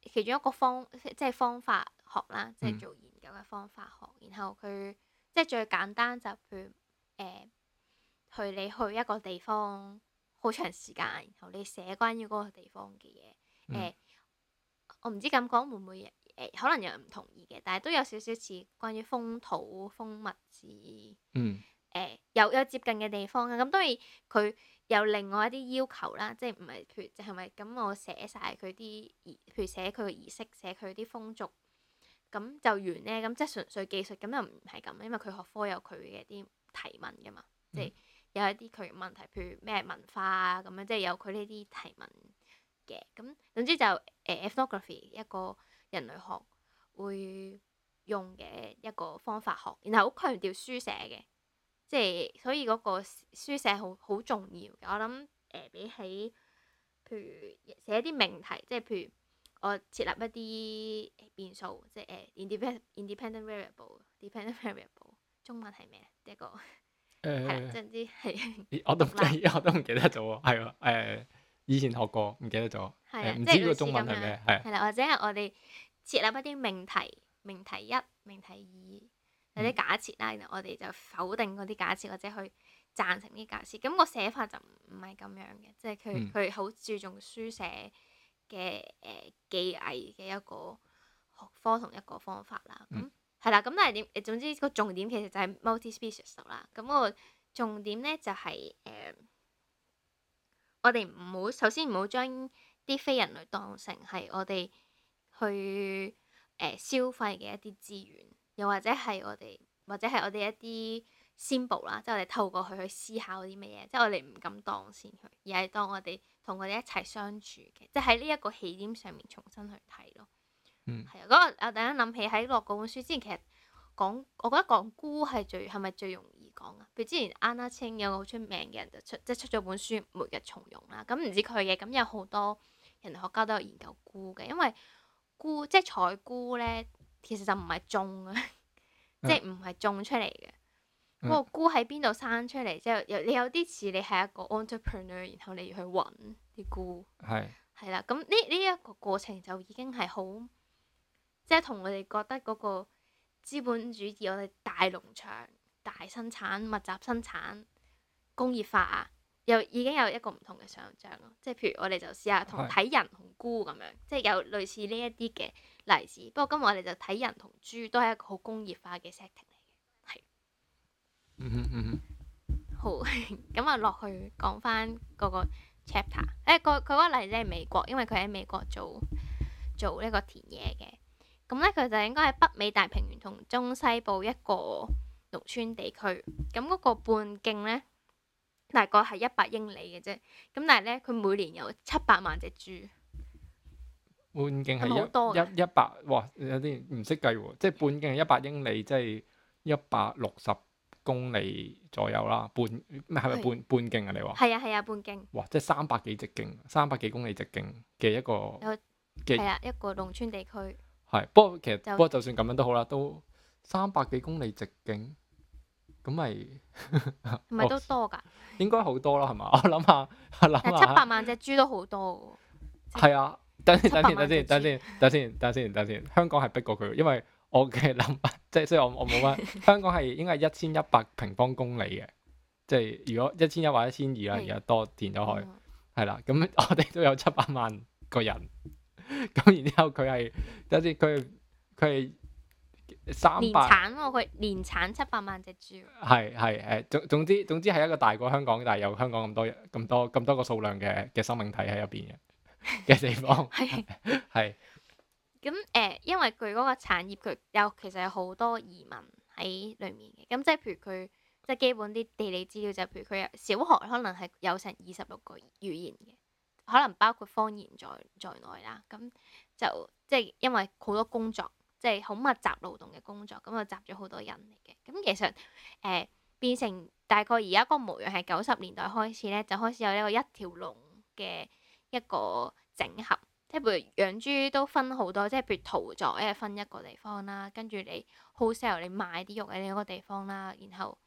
其中一個方即係方法學啦，即係做研究嘅方法學，然後佢。即係最簡單就，就譬如誒，去你去一個地方好長時間，然後你寫關於嗰個地方嘅嘢。誒、嗯欸，我唔知咁講會唔會誒、欸，可能有人唔同意嘅，但係都有少少似關於風土風物字。嗯。誒、欸，有有接近嘅地方啊，咁當然佢有另外一啲要求啦，即係唔係譬如係咪咁我寫晒佢啲，譬如寫佢嘅儀式，寫佢啲風俗。咁就完咧，咁即係純粹技術，咁又唔係咁，因為佢學科有佢嘅啲提問噶嘛，嗯、即係有一啲佢嘅問題，譬如咩文化啊咁樣，即係有佢呢啲提問嘅。咁總之就誒、呃、ethnography 一個人類學會用嘅一個方法學，然後好強調書寫嘅，即係所以嗰個書寫好好重要嘅。我諗誒、呃、比起譬如寫啲命題，即係譬如。我設立一啲變數，即係誒、uh, independent variable，dependent variable，中文係咩？呢、這、一個係唔知，係，我都唔記，我都唔記得咗喎。係、欸、喎，以前學過，唔記得咗，唔、啊、知即係個中文係咩？係啦、啊，或者係我哋設立一啲命題，命題一、命題二，有啲假設啦，嗯、然後我哋就否定嗰啲假設，或者去贊成啲假設。咁、那個寫法就唔係咁樣嘅，即係佢佢好注重書寫。嘅誒、呃、技藝嘅一個學科同一個方法啦，咁係啦，咁、嗯、但係點？誒總之個重點其實就係 multi-species 啦。咁我重點咧就係、是、誒、呃，我哋唔好首先唔好將啲非人類當成係我哋去誒、呃、消費嘅一啲資源，又或者係我哋或者係我哋一啲。先步啦，Simple，即係我哋透過佢去思考啲乜嘢？即係我哋唔敢當先去，而係當我哋同佢哋一齊相處嘅，即係喺呢一個起點上面重新去睇咯。嗯，係啊，嗰個我突然間諗起喺落嗰本書之前，其實講，我覺得講菇係最係咪最容易講啊？譬如之前安娜清有個好出名嘅人就出即係出咗本書《末日松茸》啦，咁唔知佢嘅咁有好多人類學家都有研究菇嘅，因為菇即係採菇咧，其實就唔係種啊，嗯、 即係唔係種出嚟嘅。個菇喺邊度生出嚟？之後有你有啲似你係一個 entrepreneur，然後你要去揾啲菇，係係啦。咁呢呢一個過程就已經係好，即係同我哋覺得嗰個資本主義，我哋大農場、大生產、密集生產、工業化啊，又已經有一個唔同嘅想像咯。即係譬如我哋就試下同睇人同菇咁樣，是即係有類似呢一啲嘅例子。不過今日我哋就睇人同豬都係一個好工業化嘅 setting 嚟嘅，係。嗯哼嗯哼，好咁啊，落去講返嗰個 chapter。誒，個佢嗰個例子係美國，因為佢喺美國做做呢個田野嘅。咁咧，佢就應該喺北美大平原同中西部一個農村地區。咁嗰個半徑咧，大概係一百英里嘅啫。咁但係咧，佢每年有七百萬隻豬。半徑係一一百哇！有啲唔識計喎，即係半徑係一百英里，即係一百六十，公里左右啦，半咩係咪半的半徑啊？你話係啊係啊，半徑哇，即係三百幾直徑，三百幾公里直徑嘅一個嘅係啊，一個農村地區係。不過其實就不過就算咁樣都好啦，都三百幾公里直徑咁咪唔係都多噶、哦，應該好多啦係嘛？我諗下諗下七百萬隻豬都好多，係啊的。等先等先等先等先等先等先等先，香港係逼過佢，因為。我嘅諗法即係，雖然我我冇乜，香港係應該係一千一百平方公里嘅，即係如果一千一或一千二啦，而家多填咗去，係啦的，咁我哋都有七百萬個人，咁然之後佢係有啲佢佢係三年產喎、啊，佢年產七百萬隻豬，係係係總總之總之係一個大過香港，但係有香港咁多咁多咁多個數量嘅嘅生命體喺入邊嘅嘅地方係係。的 咁誒、嗯，因為佢嗰個產業佢有其實有好多移民喺裏面嘅，咁、嗯、即係譬如佢即係基本啲地理資料就譬如佢有小學可能係有成二十六個語言嘅，可能包括方言在在內啦。咁、嗯、就即係因為好多工作即係好密集勞動嘅工作，咁就集咗好多人嚟嘅。咁、嗯、其實誒、呃、變成大概而家個模樣，係九十年代開始咧，就開始有一個一條龍嘅一個整合。即係譬如養豬都分好多，即係譬如屠宰，咧分一個地方啦，跟住你 wholesale 你賣啲肉喺另一個地方啦，然後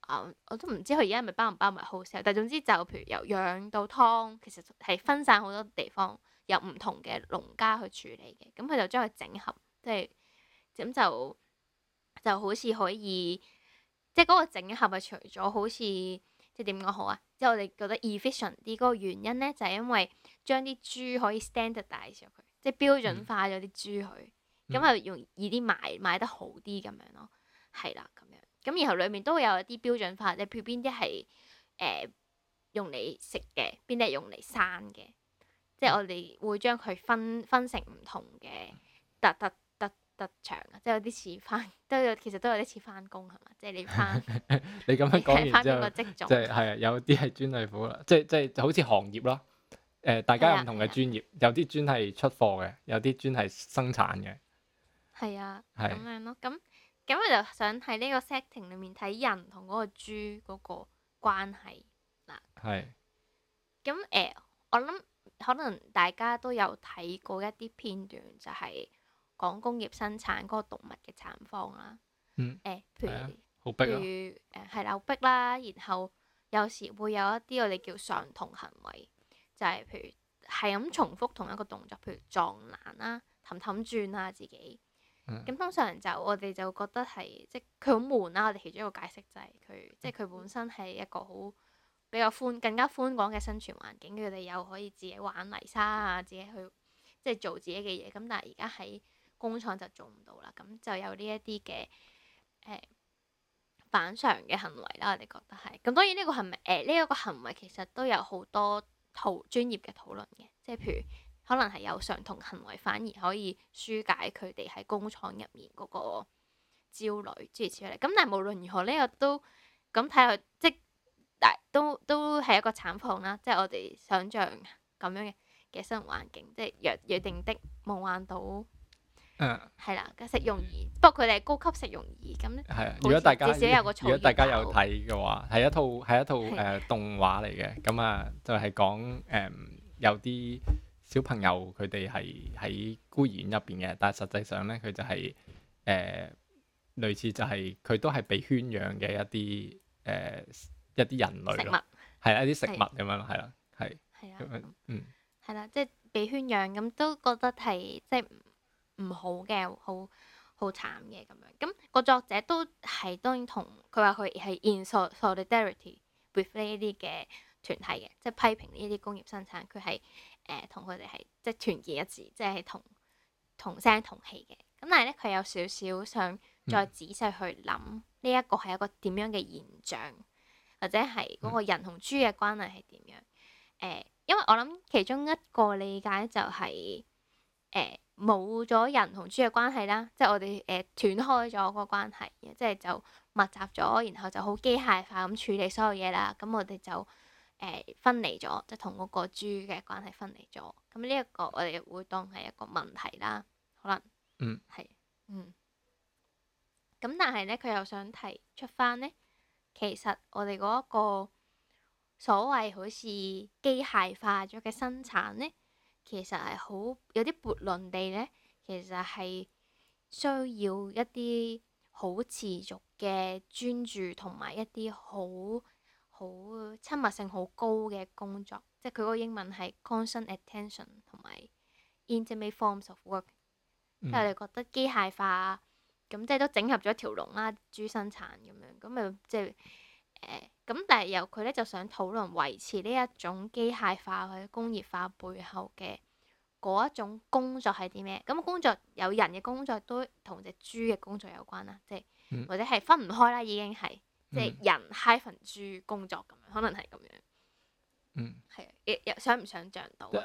啊、嗯、我都唔知佢而家係咪包唔包埋 wholesale 但係總之就譬如由養到劏，其實係分散好多地方，有唔同嘅農家去處理嘅，咁佢就將佢整合，即係咁就就好似可以，即係嗰個整合啊除咗好似即係點講好啊，即係我哋覺得 efficient 啲嗰、那個原因咧就係、是、因為。將啲豬可以 standardize 佢，即係標準化咗啲豬佢，咁係、嗯、容易啲賣賣得好啲咁樣咯，係啦咁樣。咁然後裡面都會有一啲標準化，即譬如邊啲係誒用嚟食嘅，邊啲係用嚟生嘅，即係我哋會將佢分分成唔同嘅特特特特長啊，即係有啲似翻都有，其實都有啲似翻工係嘛？即係你翻 你咁樣講完之後，即係係啊，就係、 有啲係專利股啦，即係即係就係就係就係、好似行業咯。誒，大家有唔同嘅專業，啊、有啲專係出貨嘅，有啲專係生產嘅，係啊，係咁是樣咯。咁咁我就想喺呢個 setting 裏面睇人同嗰個豬嗰個關係嗱。係咁誒，我諗可能大家都有睇過一啲片段，就係講工業生產嗰個動物嘅慘況、嗯欸啊、啦。嗯，譬如好逼啊，誒係扭逼啦，然後有時會有一啲我哋叫上同行為。就係譬如係咁重複同一個動作，譬如撞欄啦、氹氹轉啊，騰騰轉啊自己咁、嗯、通常就我哋就覺得係即佢好悶啦、啊。我哋其中一個解釋就係佢即係佢本身係一個好比較寬更加寬廣嘅生存環境，佢哋又可以自己玩泥沙啊，自己去即係做自己嘅嘢。咁但係而家喺工廠就做唔到啦，咁就有呢一啲嘅誒反常嘅行為啦。我哋覺得係咁，當然呢個係咪誒呢一個行為其實都有好多討專業嘅討論嘅，即係譬如可能係有相同行為，反而可以舒解佢哋喺工廠入面嗰個焦慮之類咁。但係無論如何呢個都咁睇，下，即係都都係一個產房啦，即係我哋想象咁樣嘅嘅生活環境，即係約約定的夢幻島。嗯，係啦， 食用魚，不過佢哋係高級食用魚咁。係啊，如果大家有個，如果大家有睇嘅話，係一套係一套誒的、呃、動畫嚟嘅。咁啊，就係講誒有啲小朋友佢哋係喺孤兒院入邊嘅，但係實際上咧佢就係、是、誒、呃、類似就係、是、佢都係被圈養嘅一啲誒、呃、一啲人類物，係一啲食物咁樣係啦，係係啊，嗯，係啦，即係被圈養咁都覺得係即係。唔好嘅，好好慘嘅咁樣，咁個作者都係當然同佢話佢係 in solidarity with 呢啲嘅團體嘅，即係批評呢啲工業生產，佢係誒同佢哋係即係團結一致，即係同同聲同氣嘅。咁但係咧，佢有少少想再仔細去諗呢一個係一個點樣嘅現象，嗯、或者係嗰個人同豬嘅關係係點樣？誒、呃，因為我諗其中一個理解就係、是、誒。呃冇咗人同豬嘅關係啦，即係我哋誒斷開咗嗰個關係，即係就密集咗，然後就好機械化咁處理所有嘢啦。咁我哋就誒、呃、分離咗，即係同嗰個豬嘅關係分離咗。咁呢一個我哋會當係一個問題啦，可能嗯係嗯。咁、嗯、但係咧，佢又想提出翻咧，其實我哋嗰個所謂好似機械化咗嘅生產咧。其實係好有啲悖論地呢，其實係需要一啲好持續嘅專注，同埋一啲好好親密性好高嘅工作，即係佢個英文係 constant attention 同埋 intimate forms of work、嗯。即係你覺得機械化咁，即係都整合咗條龍啦，豬生產咁樣咁啊，即係、就是。誒，咁但係由佢咧就想討論維持呢一種機械化或者工業化背後嘅嗰一種工作係啲咩？咁工作有人嘅工作都同隻豬嘅工作有關啦，即係或者係分唔開啦，已經係即係人 hyphen 豬工作咁樣，可能係咁樣。嗯，係，啊，想唔想象到？未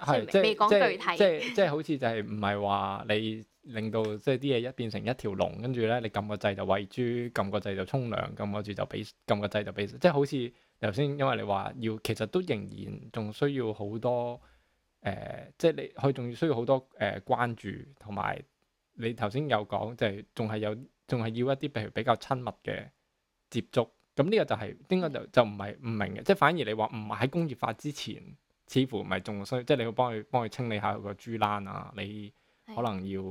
講即具體，即係即係 好似就係唔係話你令到即係啲嘢一變成一條龍，跟住咧你撳個掣就喂豬，撳個掣就沖涼，撳個掣就俾，撳個掣就俾，即係好似頭先，因為你話要，其實都仍然仲需要好多誒、呃，即係你佢仲需要好多誒、呃、關注，同埋你頭先有講就係仲係有，仲係要一啲譬如比較親密嘅接觸。咁呢個就係應該就就唔係唔明嘅，即係反而你話唔係喺工業化之前，似乎唔咪仲需，即係你要幫佢幫佢清理下個豬欄啊，你可能要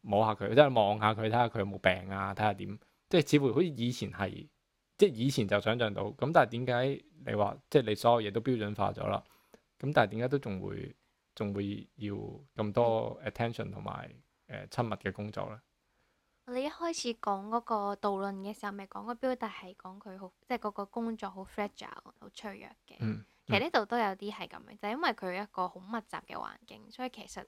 摸下佢，即係望下佢，睇下佢有冇病啊，睇下點，即係似乎好似以前係，即係以前就想像到。咁但係點解你話即係你所有嘢都標準化咗啦？咁但係點解都仲會仲會要咁多 attention 同埋誒親密嘅工作咧？你一開始講嗰個導論嘅時候，咪講個標題係講佢好，即係個個工作好 fragile，好脆弱嘅。嗯嗯、其實呢度都有啲係咁嘅，就是、因為佢一個好密集嘅環境，所以其實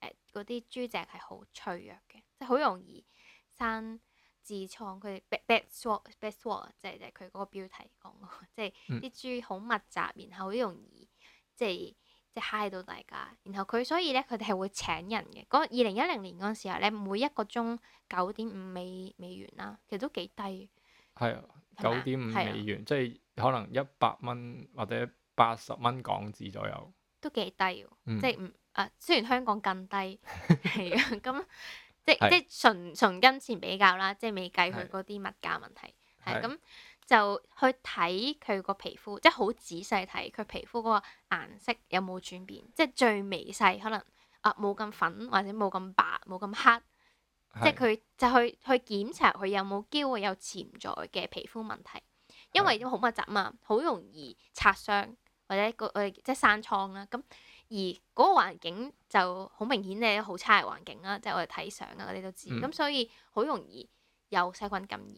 誒嗰啲豬隻係好脆弱嘅，即係好容易生褥瘡佢 bedsore, bedsore 即係即係佢嗰個標題講，即係啲豬好密集，然後好容易即係。就是即係 high 到大家，然後佢所以咧，佢哋係會請人嘅。嗰二零一零年嗰陣時候咧，每一個鐘九點五美美元啦、啊，其實都幾低。係啊，九點五美元，即係、啊、可能一百蚊或者八十蚊港紙左右，都幾低。嗯，即係唔啊，雖然香港更低，係啊， 咁即係是即係純純金錢比較啦，即係未計佢嗰啲物價問題，係咁的。就去睇佢個皮膚，即係好仔細睇佢皮膚嗰個顏色有冇轉變，即係最微細可能啊，冇咁粉或者冇咁白、冇咁黑，是即係佢就去去檢查佢有冇機會有潛在嘅皮膚問題，因為好密集嘛，好容易擦傷或者我哋即係生瘡啦。咁而嗰個環境就好明顯嘅好差嘅環境啦，即係我哋睇相啊，我哋都知，咁、嗯、所以好容易有細菌感染。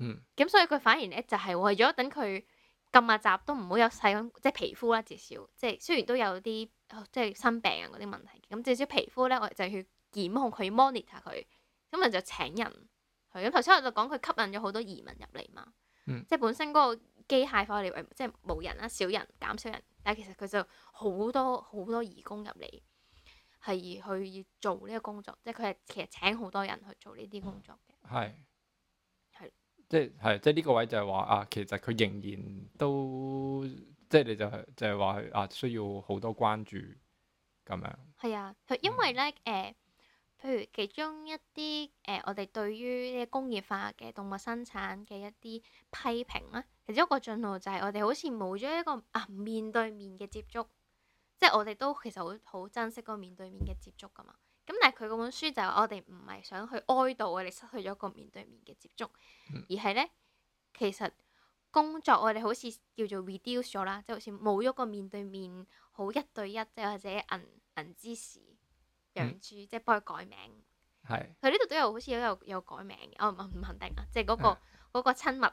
咁、嗯、所以佢反而咧就係、是、為咗等佢撳下閘都唔好有細咁即係皮膚啦，至少即係雖然都有啲、哦、即係生病啊嗰啲問題，咁至少皮膚咧我哋就去檢控佢，monitor 佢，咁啊就請人去。咁頭先我就講佢吸引咗好多移民入嚟嘛，嗯、即係本身嗰個機械化嚟即係冇人啦，少人減少人，但其實佢就好多好多移工入嚟係去要做呢個工作，即係佢係其實請好多人去做呢啲工作嘅。係、嗯。即係，即係呢個位就係話啊，其實佢仍然都，即係你就係、係、就係話啊，需要好多關注咁樣。係啊，因為咧誒、嗯呃，譬如其中一啲誒、呃，我哋對於呢工業化嘅動物生產嘅一啲批評咧，其中一個進路就係我哋好似冇咗一個啊面對面嘅接觸，即係我哋都其實好好珍惜個面對面嘅接觸噶嘛。咁但係佢嗰本書就係我哋唔係想去哀悼我哋失去咗一個面對面嘅接觸，嗯、而係咧其實工作我哋好似叫做 reduce 咗啦，即、就、係、是、好似冇咗個面對面好一對一，即係或者銀銀之士養豬，嗯、即係幫佢改名。係是。佢呢度都有好似有有改名，我唔肯定啊，即係嗰個嗰、嗯、親密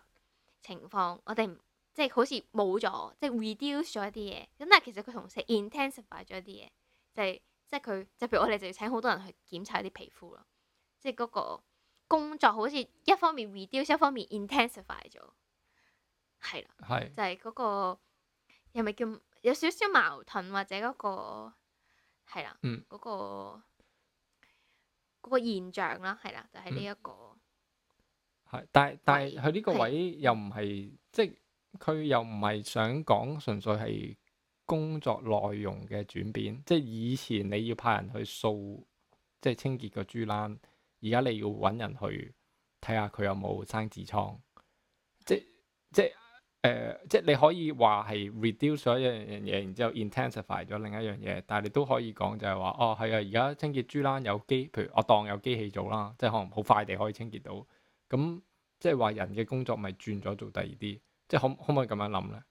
情況，我哋即係好似冇咗，即、就、係、是、reduce 咗一啲嘢。咁但係其實佢同時 intensify 咗啲嘢，就係、是。即係佢，即譬如我哋就要請好多人去檢查啲皮膚咯，即係嗰個工作好似一方面 reduce，一方面 intensify 咗，係啦，是 就係嗰、嗰個又咪叫有少少矛盾或者嗰、嗰個係啦，嗰、嗯嗰個嗰、嗰個現象啦，係啦，就係呢一個。係、嗯，但係但係佢呢個位又唔係，是即係佢又唔係想講純粹係。工作內容嘅轉變，即係以前你要派人去掃，即、就、係、是、清潔個豬欄，而家你要揾人去睇下佢有冇生痔瘡，即即、呃、即係你可以話係 reduce 咗一樣嘢，然之後 intensify 咗另一樣嘢，但係你都可以講就係話，哦係啊，而家清潔豬欄有機，譬如我當有機器做啦，即係可能好快地可以清潔到，咁即係話人嘅工作咪轉咗做第二啲，即係可可唔可以咁樣諗呢？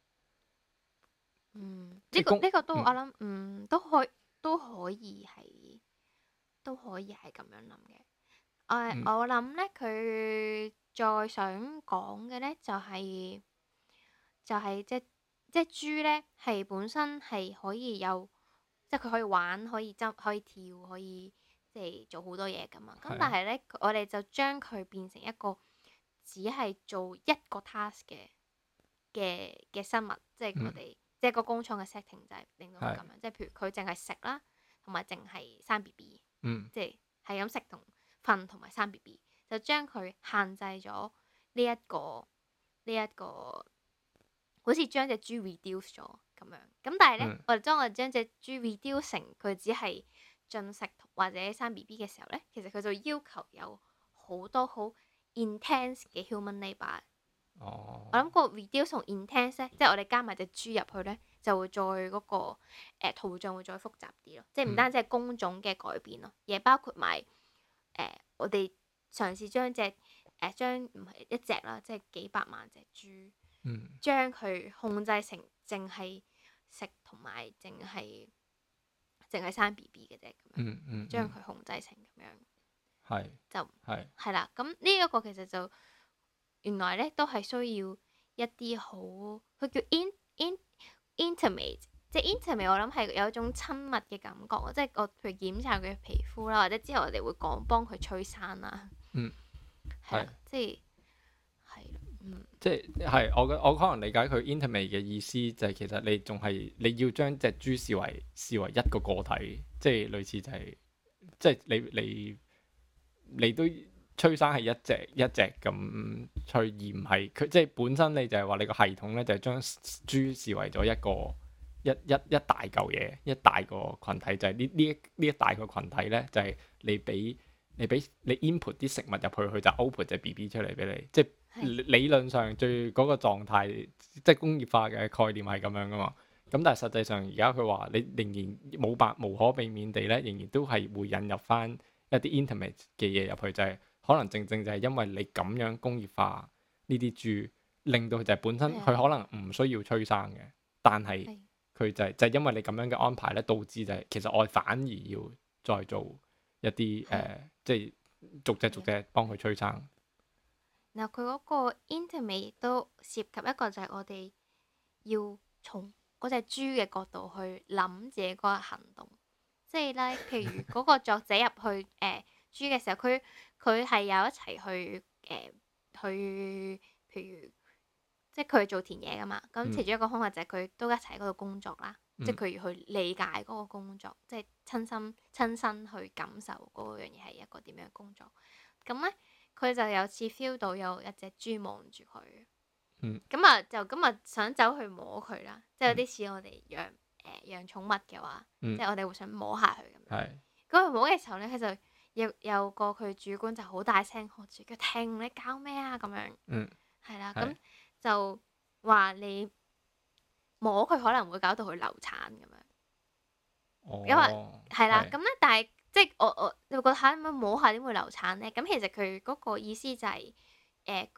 嗯，呢、這個呢、這個都我諗，嗯，都可以都可以係都可以係咁樣諗嘅。誒、啊，嗯、我諗咧，佢再想講嘅咧，就係、是、就係即係即係豬咧，係、就是就是、本身係可以有即係佢、就是、可以玩，可以執，可以跳，可以即係、就是、做好多嘢㗎嘛。咁、啊、但係咧，我哋就將佢變成一個只係做一個 task 嘅嘅嘅生物，即係、就是、我哋。嗯一個個工廠嘅 setting 就係令到佢咁樣，是即係譬如佢淨係食啦，同埋淨係生 B B，即係係咁食同瞓同埋生 B B，就將佢限制咗呢一個呢一個，好似將隻豬 reduce 咗咁樣。咁但係咧，我哋當我哋將隻豬 reduce 成佢只係進食或者生 B B 嘅時候咧，其實佢就要求有好多好 intense 嘅 human labour。Oh. 我諗個 video 同 intense 咧，即係我哋加埋隻豬入去咧，就會再嗰、那個誒、呃、圖像會再複雜啲咯，即係唔單止係工種嘅改變咯，亦、嗯、包括埋誒、呃、我哋嘗試將隻誒將唔係一隻啦、呃，即係幾百萬隻豬，嗯、將佢控制成淨係食同埋淨係淨係生 B B 嘅啫咁樣，嗯嗯嗯、將佢控制成咁樣，係是就係係是是啦，咁呢一個其實就。原來咧都係需要一啲好，佢叫 in in intimate，即係 intimate 我諗係有一種親密嘅感覺即係我譬如檢查佢嘅皮膚啦，或者之後我哋會講幫佢吹散啦。嗯，係，即係係嗯，即係係我我可能理解佢 intimate 嘅意思就係其實你仲係你要將隻豬視為視為一個個體，即係類似就係、是、即係你你你,你都。催生係一隻一隻咁吹，而唔係佢即係本身。你就係話你個系統咧，就係、是、將豬視為咗一個一一一大嚿嘢，一大個群體。就係呢呢呢一大個群體咧，就係、是、你俾你俾你 input 啲食物入去，佢就 open 隻 B B 出嚟俾你。即係理論上最嗰個狀態，即係工業化嘅概念係咁樣噶嘛。咁但係實際上而家佢話你仍然冇百無可避免地咧，仍然都係會引入翻一啲 intimate 嘅嘢入去，就係、是。可能正正就係因為你咁樣工業化呢啲豬，令到佢就係本身佢的可能唔需要催生嘅，但係佢就係、是、的就係因為你咁樣嘅安排咧，導致就係、是、其實我哋反而要再做一啲誒，即係的、呃就是、逐，逐隻逐隻幫佢催生。嗱的，佢嗰個 intimate 都涉及一個就係我哋要從嗰隻豬嘅角度去諗自己個行動，即係咧，譬如嗰個作者入去誒。呃 豬嘅時候，佢佢係有一齊去誒去，譬如即係佢做田野噶嘛。咁其中一個空隙就佢都一齊喺嗰度工作啦。Mm. 即係佢要去理解嗰個工作，即係親身親身去感受嗰個樣嘢係一個點樣嘅工作。咁咧，佢就有次 feel 到有一隻豬望住佢，咁、mm. 啊就咁啊想走去摸佢啦。即係有啲似我哋養誒養寵物嘅話，mm. 即係我哋會想摸下佢咁樣。咁佢、mm. 摸嘅時候咧，佢就～有有個佢主管就好大聲喝住佢停你搞咩啊咁樣，係啦，咁就話你摸佢可能會搞到佢流產咁、哦、樣，因為係啦，咁咧，但係即係我我你會覺得下點解摸下點會流產咧？咁其實佢嗰個意思就係、是、誒、呃，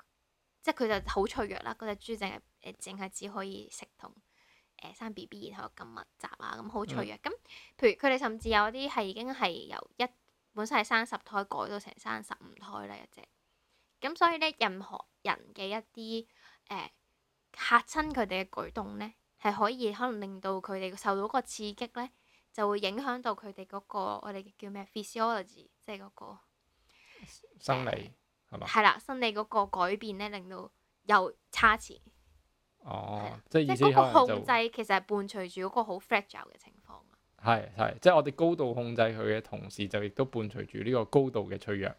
即係佢就好脆弱啦。嗰隻豬淨係誒淨係只可以食同誒生 B B，然後咁密集啊，咁好脆弱。咁、嗯、譬如佢哋甚至有啲係已經係由一本身係生十胎，改到成生十五胎咧，一隻，咁所以咧，任何人嘅一啲誒吓親佢哋嘅舉動咧，係可以可能令到佢哋受到個刺激咧，就會影響到佢哋、嗰個我哋叫咩 physiology，即係、嗰個、呃、生理係嘛？係啦，生理個改變咧，令到又差池。哦，的即係嗰個控制其實係伴隨住個好 fragile 嘅情。係係，即係我哋高度控制佢嘅同時，就亦都伴隨住呢個高度嘅脆弱。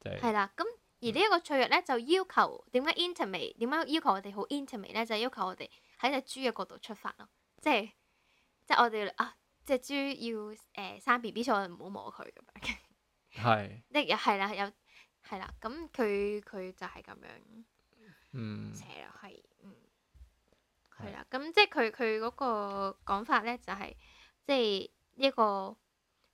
係啦，咁而呢一個脆弱咧，就要求點解 intimate？點解要求我哋好 intimate 咧？就係要求我哋喺隻豬嘅角度出發咯，即係即係我哋啊，隻豬要誒生 B B，所以唔好摸佢咁樣。係，即係係啦，有係啦，咁佢佢就係咁樣。嗯，係啦，係，嗯，係啦，咁即係佢佢嗰個講法咧，就係。即係一個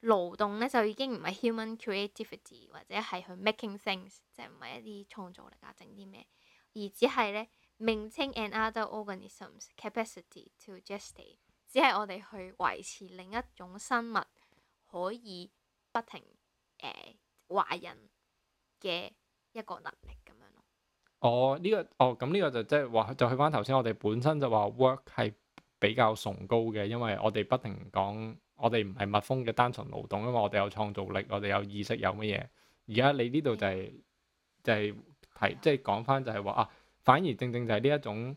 勞動咧，就已經唔係 human creativity 或者係去 making things，即係唔係一啲創造力啊，整啲咩，而只係咧，maintain another organism's capacity to gestate 只係我哋去維持另一種生物可以不停誒懷、呃、人嘅一個能力咁樣咯、哦這個。哦，呢個哦，咁呢個就即係話，就去翻頭先，我哋本身就話 work 係。比較崇高嘅，因為我哋不停講，我哋唔係蜜蜂嘅單純勞動，因為我哋有創造力，我哋有意識有，有乜嘢。而家你呢度就係就係提，即係講翻就係、是、話啊，反而正正就係呢一種誒、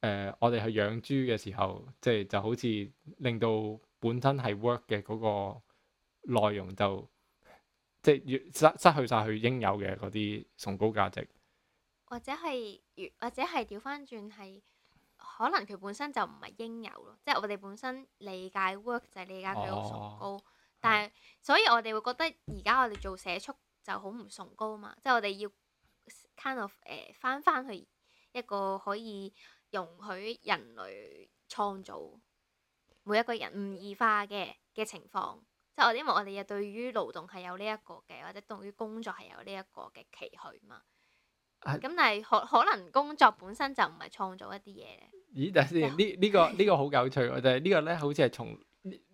呃，我哋去養豬嘅時候，即、就、係、是、就好似令到本身係 work 嘅嗰個內容就即係越失失去晒佢應有嘅嗰啲崇高價值，或者係，或者係調翻轉係。可能佢本身就唔係應有咯，即係我哋本身理解 work 就係理解佢好崇高，但係所以我哋會覺得而家我哋做社畜就好唔崇高嘛，即係我哋要 kind of 誒、呃、返返去一個可以容許人類創造每一個人唔異化嘅嘅情況，即係我哋因為我哋又對於勞動係有呢一個嘅，或者對於工作係有呢一個嘅期許嘛。咁、啊、但係可可能工作本身就唔係創造一啲嘢。咦，就先呢呢個呢、這個好有趣，我就係、是、呢個咧，好似係從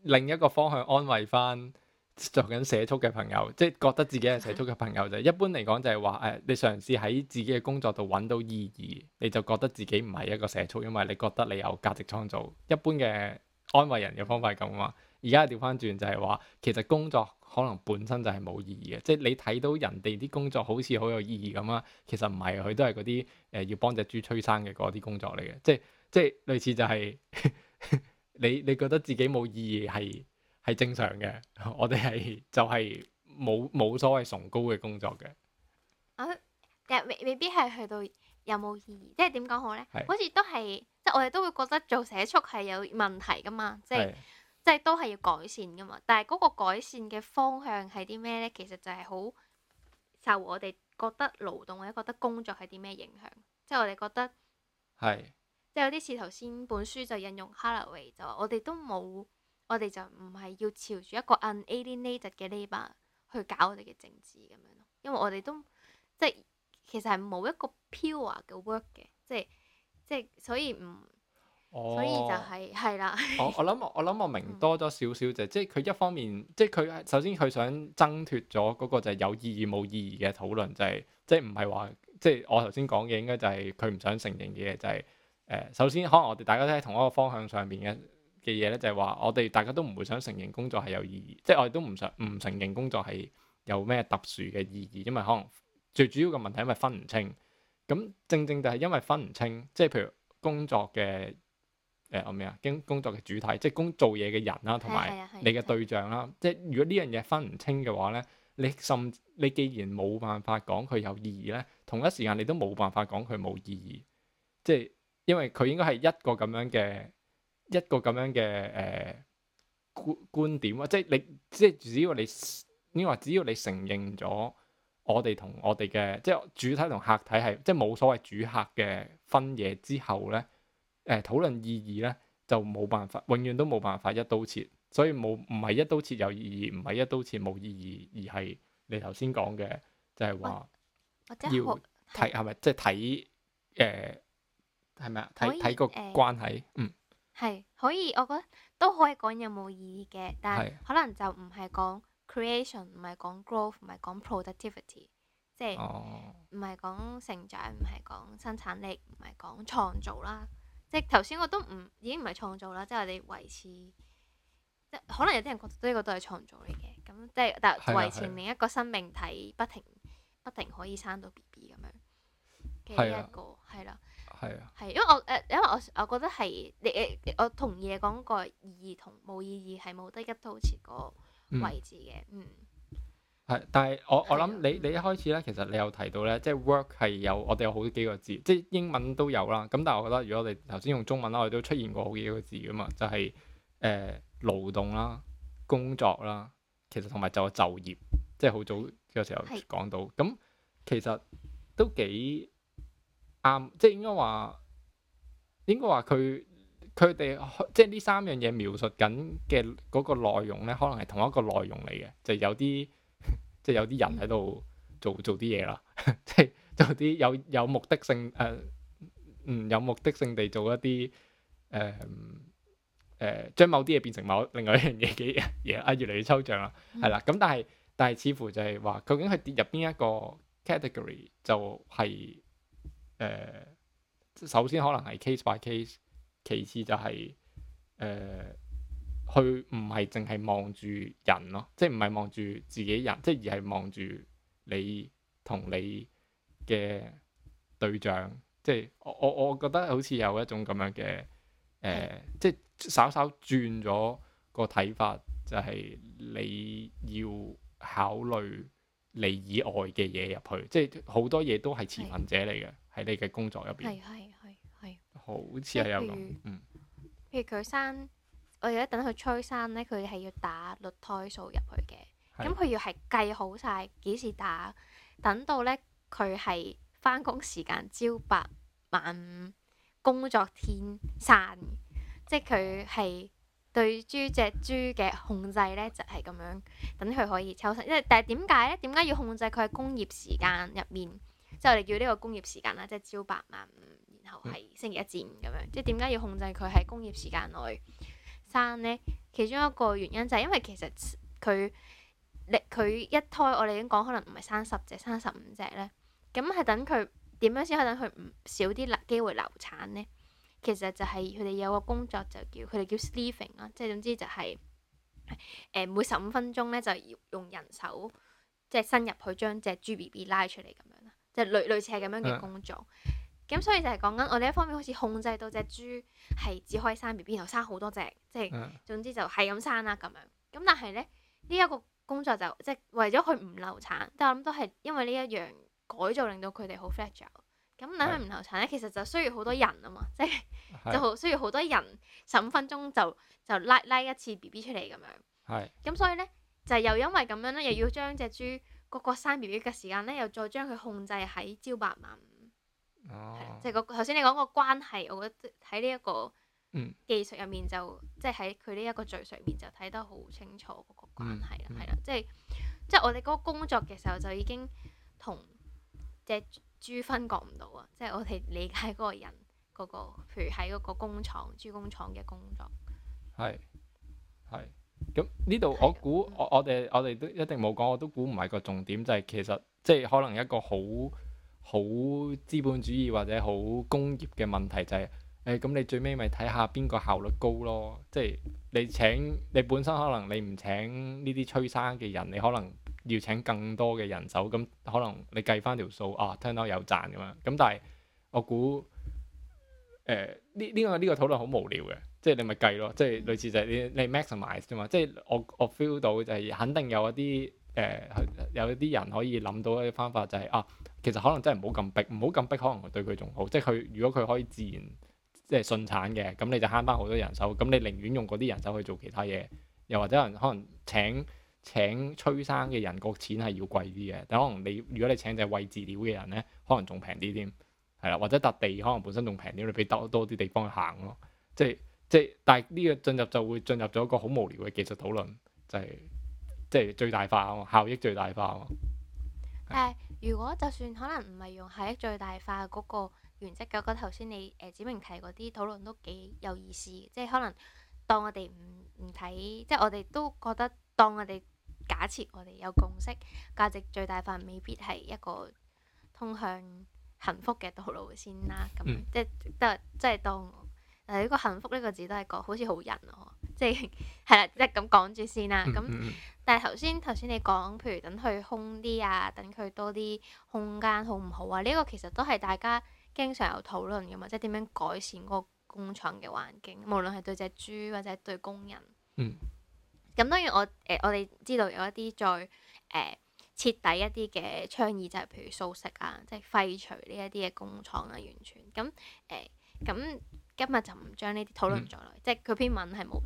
另一個方向安慰翻做緊社畜嘅朋友，即、就、係、是、覺得自己係社畜嘅朋友就、嗯、一般嚟講就係話，誒、呃，你嘗試喺自己嘅工作度搵到意義，你就覺得自己唔係一個社畜，因為你覺得你有價值創造。一般嘅安慰人嘅方法係咁啊。嗯而家調翻轉就係話，其實工作可能本身就係冇意義嘅，即係你睇到人哋啲工作好似好有意義咁啊，其實唔係，佢都係嗰啲誒要幫隻豬催生嘅嗰啲工作嚟嘅，即即係類似就係、是、 你你覺得自己冇意義係係正常嘅，我哋係就係冇冇所謂崇高嘅工作嘅。啊，未未必係去到有冇意義，即係點講好咧？好似都係，即我哋都會覺得做社畜係有問題㗎嘛，即係。即係都係要改善噶嘛，但係嗰個改善嘅方向係啲咩呢？其實就係好受我哋覺得勞動或者覺得工作係啲咩影響，即係我哋覺得係，是即係有啲似頭先本書就引用 Haraway 就話，我哋都冇，我哋就唔係要朝住一個 unalienated 嘅 labour 去搞我哋嘅政治咁樣咯，因為我哋都即係其實係冇一個 pure 嘅 work 嘅，即係即係所以唔。Oh, 所以就係係啦。我我諗我諗我明多咗少少就即係佢一方面，即係佢首先佢想掙脫咗嗰個就係有意義冇意義嘅討論，就係即係唔係話，即係我頭先講嘅應該就係佢唔想承認嘅嘢就係、是、誒、呃，首先可能我哋大家都喺同一個方向上邊嘅嘅嘢咧，嗯、就係話我哋大家都唔會想承認工作係有意義，即、就、係、是、我哋都唔想唔承認工作係有咩特殊嘅意義，因為可能最主要嘅問題因為分唔清。咁正，正正就係因為分唔清，即係譬如工作嘅。誒我咩啊？經工作嘅主體，即係工做嘢嘅人啦、啊，同埋你嘅對象啦、啊。即係如果呢樣嘢分唔清嘅話咧，你甚你既然冇辦法講佢有意義咧，同一時間你都冇辦法講佢冇意義。即係因為佢應該係一個咁樣嘅一個咁樣嘅誒、呃、觀觀點啊！即係你即係只要你應該話，只要你承認咗我哋同我哋嘅即係主體同客體係，即係冇所謂主客嘅分野之後咧。誒討論意義咧，就冇辦法，永遠都冇辦法一刀切，所以冇唔係一刀切有意義，唔係一刀切冇意義，而係你頭先講嘅就係、係、話，或者要睇係咪即係睇誒係咪啊？睇睇個關係、uh, 嗯係可以，我覺得都可以講有冇意義嘅，但係可能就唔係講 creation，唔係講係 growth，唔係講 productivity，即係唔係講成長，唔係講生產力，唔係講創造啦。就係即係頭先我都唔已經唔係創造啦，即係我哋維持，即係可能有啲人覺得呢個都係創造嚟嘅，咁即係但維持另一個生命體不停、啊啊、不停可以生到 B B 咁樣嘅一個係啦，係啊，係了、啊、因為我誒因為我我覺得係你誒我同意講個意義同冇意義係冇得一刀切個位置嘅，嗯。嗯係，但係我我諗你你一開始咧，其實你有提到咧，即係 work 係有我哋有好幾個字，即係英文都有啦。咁但係我覺得如果我哋頭先用中文啦，我哋都出現過好幾個字噶嘛，就係誒勞動啦、工作啦，其實同埋就就業，即係好早嘅時候講到。咁是其實都幾啱、嗯，即係應該話應該話佢佢哋即係呢三樣嘢描述緊嘅嗰個內容咧，可能係同一個內容嚟嘅，就有啲。即係有啲人喺度做、嗯、做啲嘢啦，即係做啲 有有目的性誒，嗯、呃、有目的性地做一啲誒誒，將、呃呃、某啲嘢變成某另外一樣嘢嘅嘢啊，越嚟越抽象啦，係啦、嗯，咁但係但係似乎就係話，究竟佢跌入邊一個 category 就係、是、誒、呃，首先可能係 case by case，其次就係、是、誒。呃佢唔係淨係望住人咯，即係唔係望住自己人，即係而係望住你同你嘅對象。即係我我我覺得好似有一種咁樣嘅誒，呃、的即係稍稍轉咗個睇法，就係、係、你要考慮你以外嘅嘢入去，即係好多嘢都係持份者嚟嘅喺你嘅工作入邊。係係係係，好似係有咁如嗯。譬如佢生。我而家等佢催生咧，佢係要打落胎素入去嘅，咁佢要係計好晒幾時打，等到咧佢係翻工時間朝八晚五，工作天散。即係佢係對豬隻豬嘅控制咧就係咁樣，等佢可以抽生。因為但係點解咧？點解要控制佢喺工業時間入面？即係我哋叫呢個工業時間啦，即係朝八晚五，然後係星期一至五咁樣。即係點解要控制佢喺工業時間內？生咧，其中一個原因就係因為其實佢，佢一胎我哋已經講，可能唔係生十隻，生十五隻咧。咁係等佢點樣先可以等佢唔少啲流機會流產咧？其實就係佢哋有個工作就叫佢哋叫 sleeving 啊，即係總之就係、是、誒、呃、每十五分鐘咧就要用人手即係、就是、伸入去將隻豬 BB 拉出嚟咁樣啦，即係類類似係咁樣嘅工作。嗯咁所以就係講緊，我哋一方面好似控制到隻豬係只可以生 B B，然後生好多隻，即係總之就係咁生啦咁樣。咁但係咧，呢、這、一個工作就即係為咗佢唔流產，但我諗都係因為呢一樣改造令到佢哋好 fragile。咁等佢唔流產咧，其實就需要好多人啊嘛，即係就好需要好多人十五分鐘就就拉拉一次 B B 出嚟咁樣。係是。咁所以咧，就又因為咁樣咧，又要將隻豬個個生 B B 嘅時間咧，又再將佢控制喺朝八晚五。哦，啊嗯、即係個頭先你講個關係，我覺得喺呢一個技術入面就即係喺佢呢一個敘述上面就睇得好清楚嗰個關係啦，係啦、嗯，即係即係我哋嗰個工作嘅時候就已經同隻豬分割唔到啊，即、就、係、是、我哋理解嗰個人嗰個，譬如喺嗰個工廠豬工廠嘅工作，係係咁呢度，我估我我哋我哋都一定冇講，我都估唔係個重點，就係、是、其實即係、就是、可能一個好。好資本主義或者好工業嘅問題就係、是，誒、哎、咁你最尾咪睇下邊個效率高咯。即係你請你本身可能你唔請呢啲催生嘅人，你可能要請更多嘅人手，咁可能你計翻條數啊，聽到有賺咁樣。咁但係我估誒呢呢個呢、這個討論好無聊嘅，即係你咪計咯，即係類似就係你你 maximize 啫嘛。即係我我 feel 到就係肯定有一啲。誒、呃、有啲人可以諗到一啲方法、就係，就係啊，其實可能真係唔好咁逼，唔好咁逼，可能對佢仲好。即係佢如果佢可以自然即係順產嘅，咁你就慳翻好多人手。咁你寧願用嗰啲人手去做其他嘢，又或者人可能請請催生嘅人，個錢係要貴啲嘅。但可能你如果你請就係餵飼料嘅人咧，可能仲平啲添。係啦，或者揼地可能本身仲平啲，你俾多多啲地方去行咯。即係即係，但係呢個進入就會進入咗一個好無聊嘅技術討論，就係、係。即係最大化，效益最大化，但係。如果就算可能唔係用效益最大化嗰個原則嘅，覺得頭先你誒梓明提嗰啲討論都幾有意思。即係可能當我哋唔唔睇，即係我哋都覺得當我哋假設我哋有共識，價值最大化未必係一個通向幸福嘅道路先啦。咁、嗯、即係得即係當誒呢、呢個幸福呢個字都係講好似好人、啊係啦，即係咁講住先啦。咁但係頭先頭先你講，譬如等佢空啲啊，等佢多啲空間，好唔好啊？呢、這個其實都係大家經常有討論嘅嘛，即係點樣改善嗰個工廠嘅環境，無論係對隻豬或者對工人。嗯。咁當然我誒、呃、我哋知道有一啲再誒、呃、徹底一啲嘅倡議，就係、是、譬如素食啊，即係廢除呢一啲嘅工廠啊，完全咁誒咁。今日就唔將呢啲討論咗啦，嗯、即係佢篇文係冇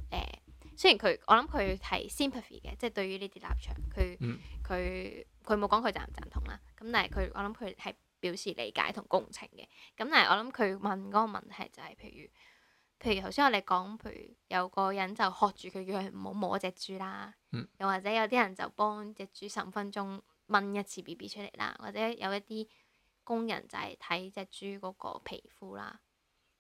誒，雖然佢我諗佢係 sympathy 嘅，嗯、即係對於呢啲立場，佢佢佢冇講佢贊唔贊同啦，咁但係佢我諗佢係表示理解同共情嘅，咁但係我諗佢問嗰個問題就係、是、譬如譬如頭先我哋講，譬如有個人就喝住佢叫佢唔好摸隻豬啦，嗯、又或者有啲人就幫隻豬十五分鐘掹一次 B B 出嚟啦，或者有一啲工人就係睇隻豬嗰個皮膚啦。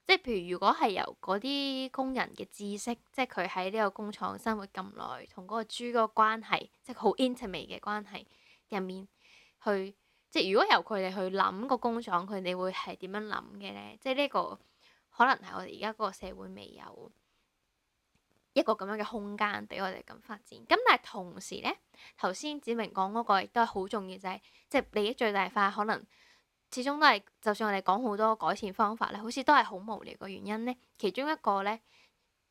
即係譬如，如果係由嗰啲工人嘅知識，即係佢喺呢個工廠生活咁耐，同嗰個豬嗰個關係，即係好 intimate 嘅關係入面去，即係如果由佢哋去諗個工廠，佢哋會係點樣諗嘅咧？即係、這、呢個可能係我哋而家個社會未有一個咁樣嘅空間俾我哋咁發展。咁但係同時咧，頭先梓明講嗰個亦都係好重要，就係即係利益最大化可能。始終都係，就算我哋講好多改善方法咧，好似都係好無聊嘅原因咧。其中一個咧，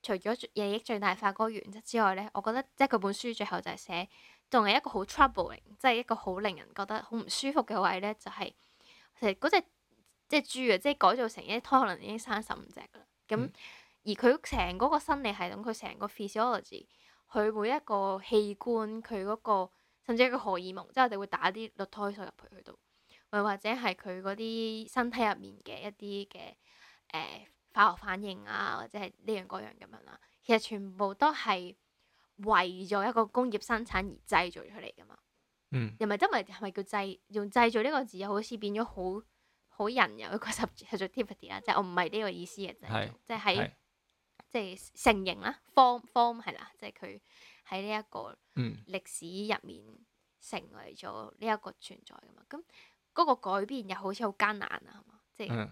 除咗利益最大化嗰個原則之外咧，我覺得即係佢本書最後就係寫，仲係一個好 troubling，即係一個好令人覺得好唔舒服嘅位咧，就係其實嗰隻即係豬啊，即係改造成一胎可能已經生十五隻噶啦，咁、嗯、而佢成嗰個生理系統，佢成個 physiology，佢每一個器官，佢嗰、嗰個甚至一個荷爾蒙，即係我哋會打啲氯胎素入去佢度。或者係佢嗰啲身體入面嘅一啲嘅誒化學反應啊，或者係呢樣嗰樣咁樣啦，其實全部都係為咗一個工業生產而製造出嚟噶嘛。嗯，又咪真係係咪叫製用製造呢個字？又好似變咗好好人有一個 subjectivity 啦，即係我唔係呢個意思嘅，就係即係即係成形啦，form form 係啦，即係佢喺呢一個歷史入面成為咗呢一個存在噶嘛，咁。嗰個改變又好似好艱難啊，係嘛？即係，Yeah.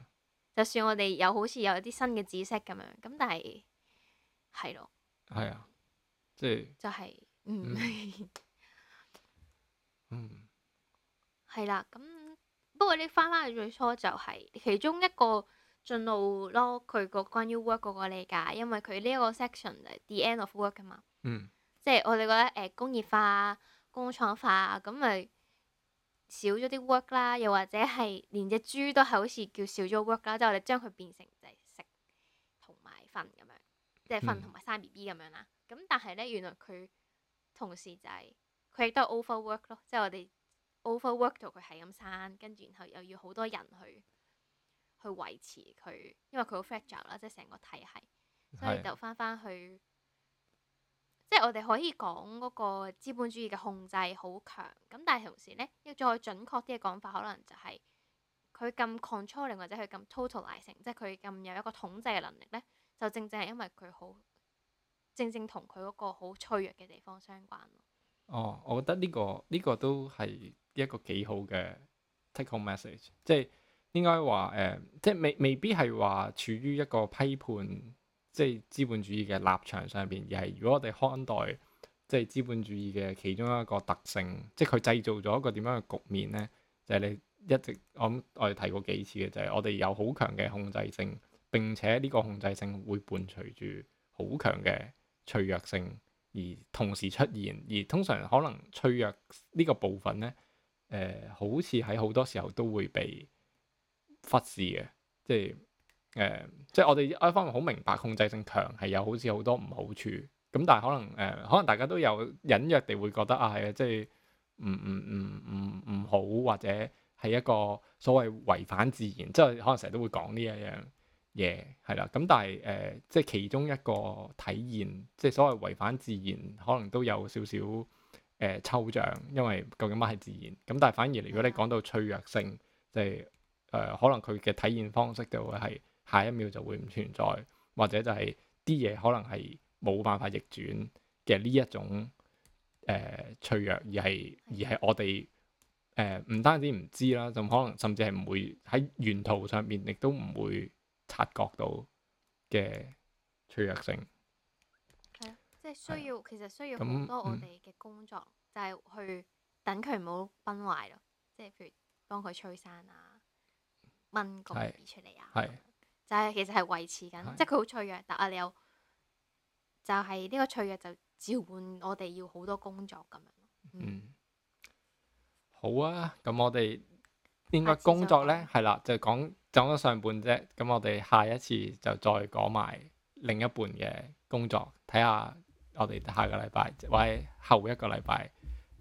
就算我哋又好似有啲新嘅知識咁樣，咁但係係咯，係啊 Yeah.、嗯，即係就係、是，嗯，嗯，係啦。咁不過你翻翻去最初就係、是、其中一個進路咯。佢個關於 work 嗰個理解，因為佢呢一個 section 係 the end of work 噶嘛。Mm. 即係我哋覺得誒、呃、工業化、工廠化咁咪。少咗啲 work 啦，又或者係連隻豬都係好似叫少咗 work 啦，即係我哋將佢變成就係食同埋瞓咁樣，即係瞓同埋生 B B 咁樣啦。咁、嗯、但係咧，原來佢同時就係佢亦都係 overwork 咯，即係我哋 overwork 到佢係咁生，跟住然後又要好多人去去維持佢，因為佢好 fragile 啦，即係成個體系。所以就翻翻去。即係我哋可以講嗰個資本主義嘅控制好強，咁但係同時咧，要再準確啲嘅講法，可能就係佢咁 controlling，或者佢咁 totalizing，即係佢咁有一個統制嘅能力咧，就正正係因為佢好正正同佢嗰個好脆弱嘅地方相關。哦，我覺得呢個呢個都係一個幾好嘅 take home message，即係應該話誒，即係、呃、未未必係話處於一個批判。即係資本主義嘅立場上邊，而係如果我哋看待即係資本主義嘅其中一個特性，即係佢製造咗一個點樣嘅局面呢？就係、是、你一直我諗我哋提過幾次嘅，就係、是、我哋有好強嘅控制性，並且呢個控制性會伴隨住好強嘅脆弱性而同時出現，而通常可能脆弱呢個部分呢，誒、呃、好似喺好多時候都會被忽視嘅，即係。誒、呃，即係我哋一方面好明白控制性強係有好似好多唔好處，咁但係可能誒、呃，可能大家都有隱約地會覺得啊，係即係唔唔唔唔唔好或者係一個所謂違反自然，即係可能成日都會講呢一樣嘢係啦。咁但係誒、呃，即係其中一個體現，即係所謂違反自然，可能都有少少誒、呃、抽象，因為究竟乜係自然？咁但係反而如果你講到脆弱性，即係誒，可能佢嘅體現方式就會係。下一秒就會唔存在，或者就係啲嘢可能係冇辦法逆轉嘅呢一種誒脆弱，而係而係我哋誒唔單止唔知啦，就可能甚至係唔會喺沿途上面亦都唔會察覺到嘅脆弱性。係咯，即係需要，其實需要好多我哋嘅工作，就係去等佢唔好崩壞咯，即係譬如幫佢催生啊，掹個 B 出嚟啊。就係其實係維持緊，係嘅。即係佢好脆弱，但係你有就係呢個脆弱就召喚我哋要好多工作咁樣。嗯，嗯，好啊，咁我哋應該工作咧係啦，就講就講咗上半啫。咁我哋下一次就再講埋另一半嘅工作，睇下我哋下個禮拜或者後一個禮拜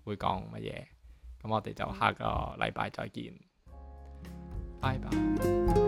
會講乜嘢。咁我哋就下個禮拜再見，拜拜，嗯。Bye bye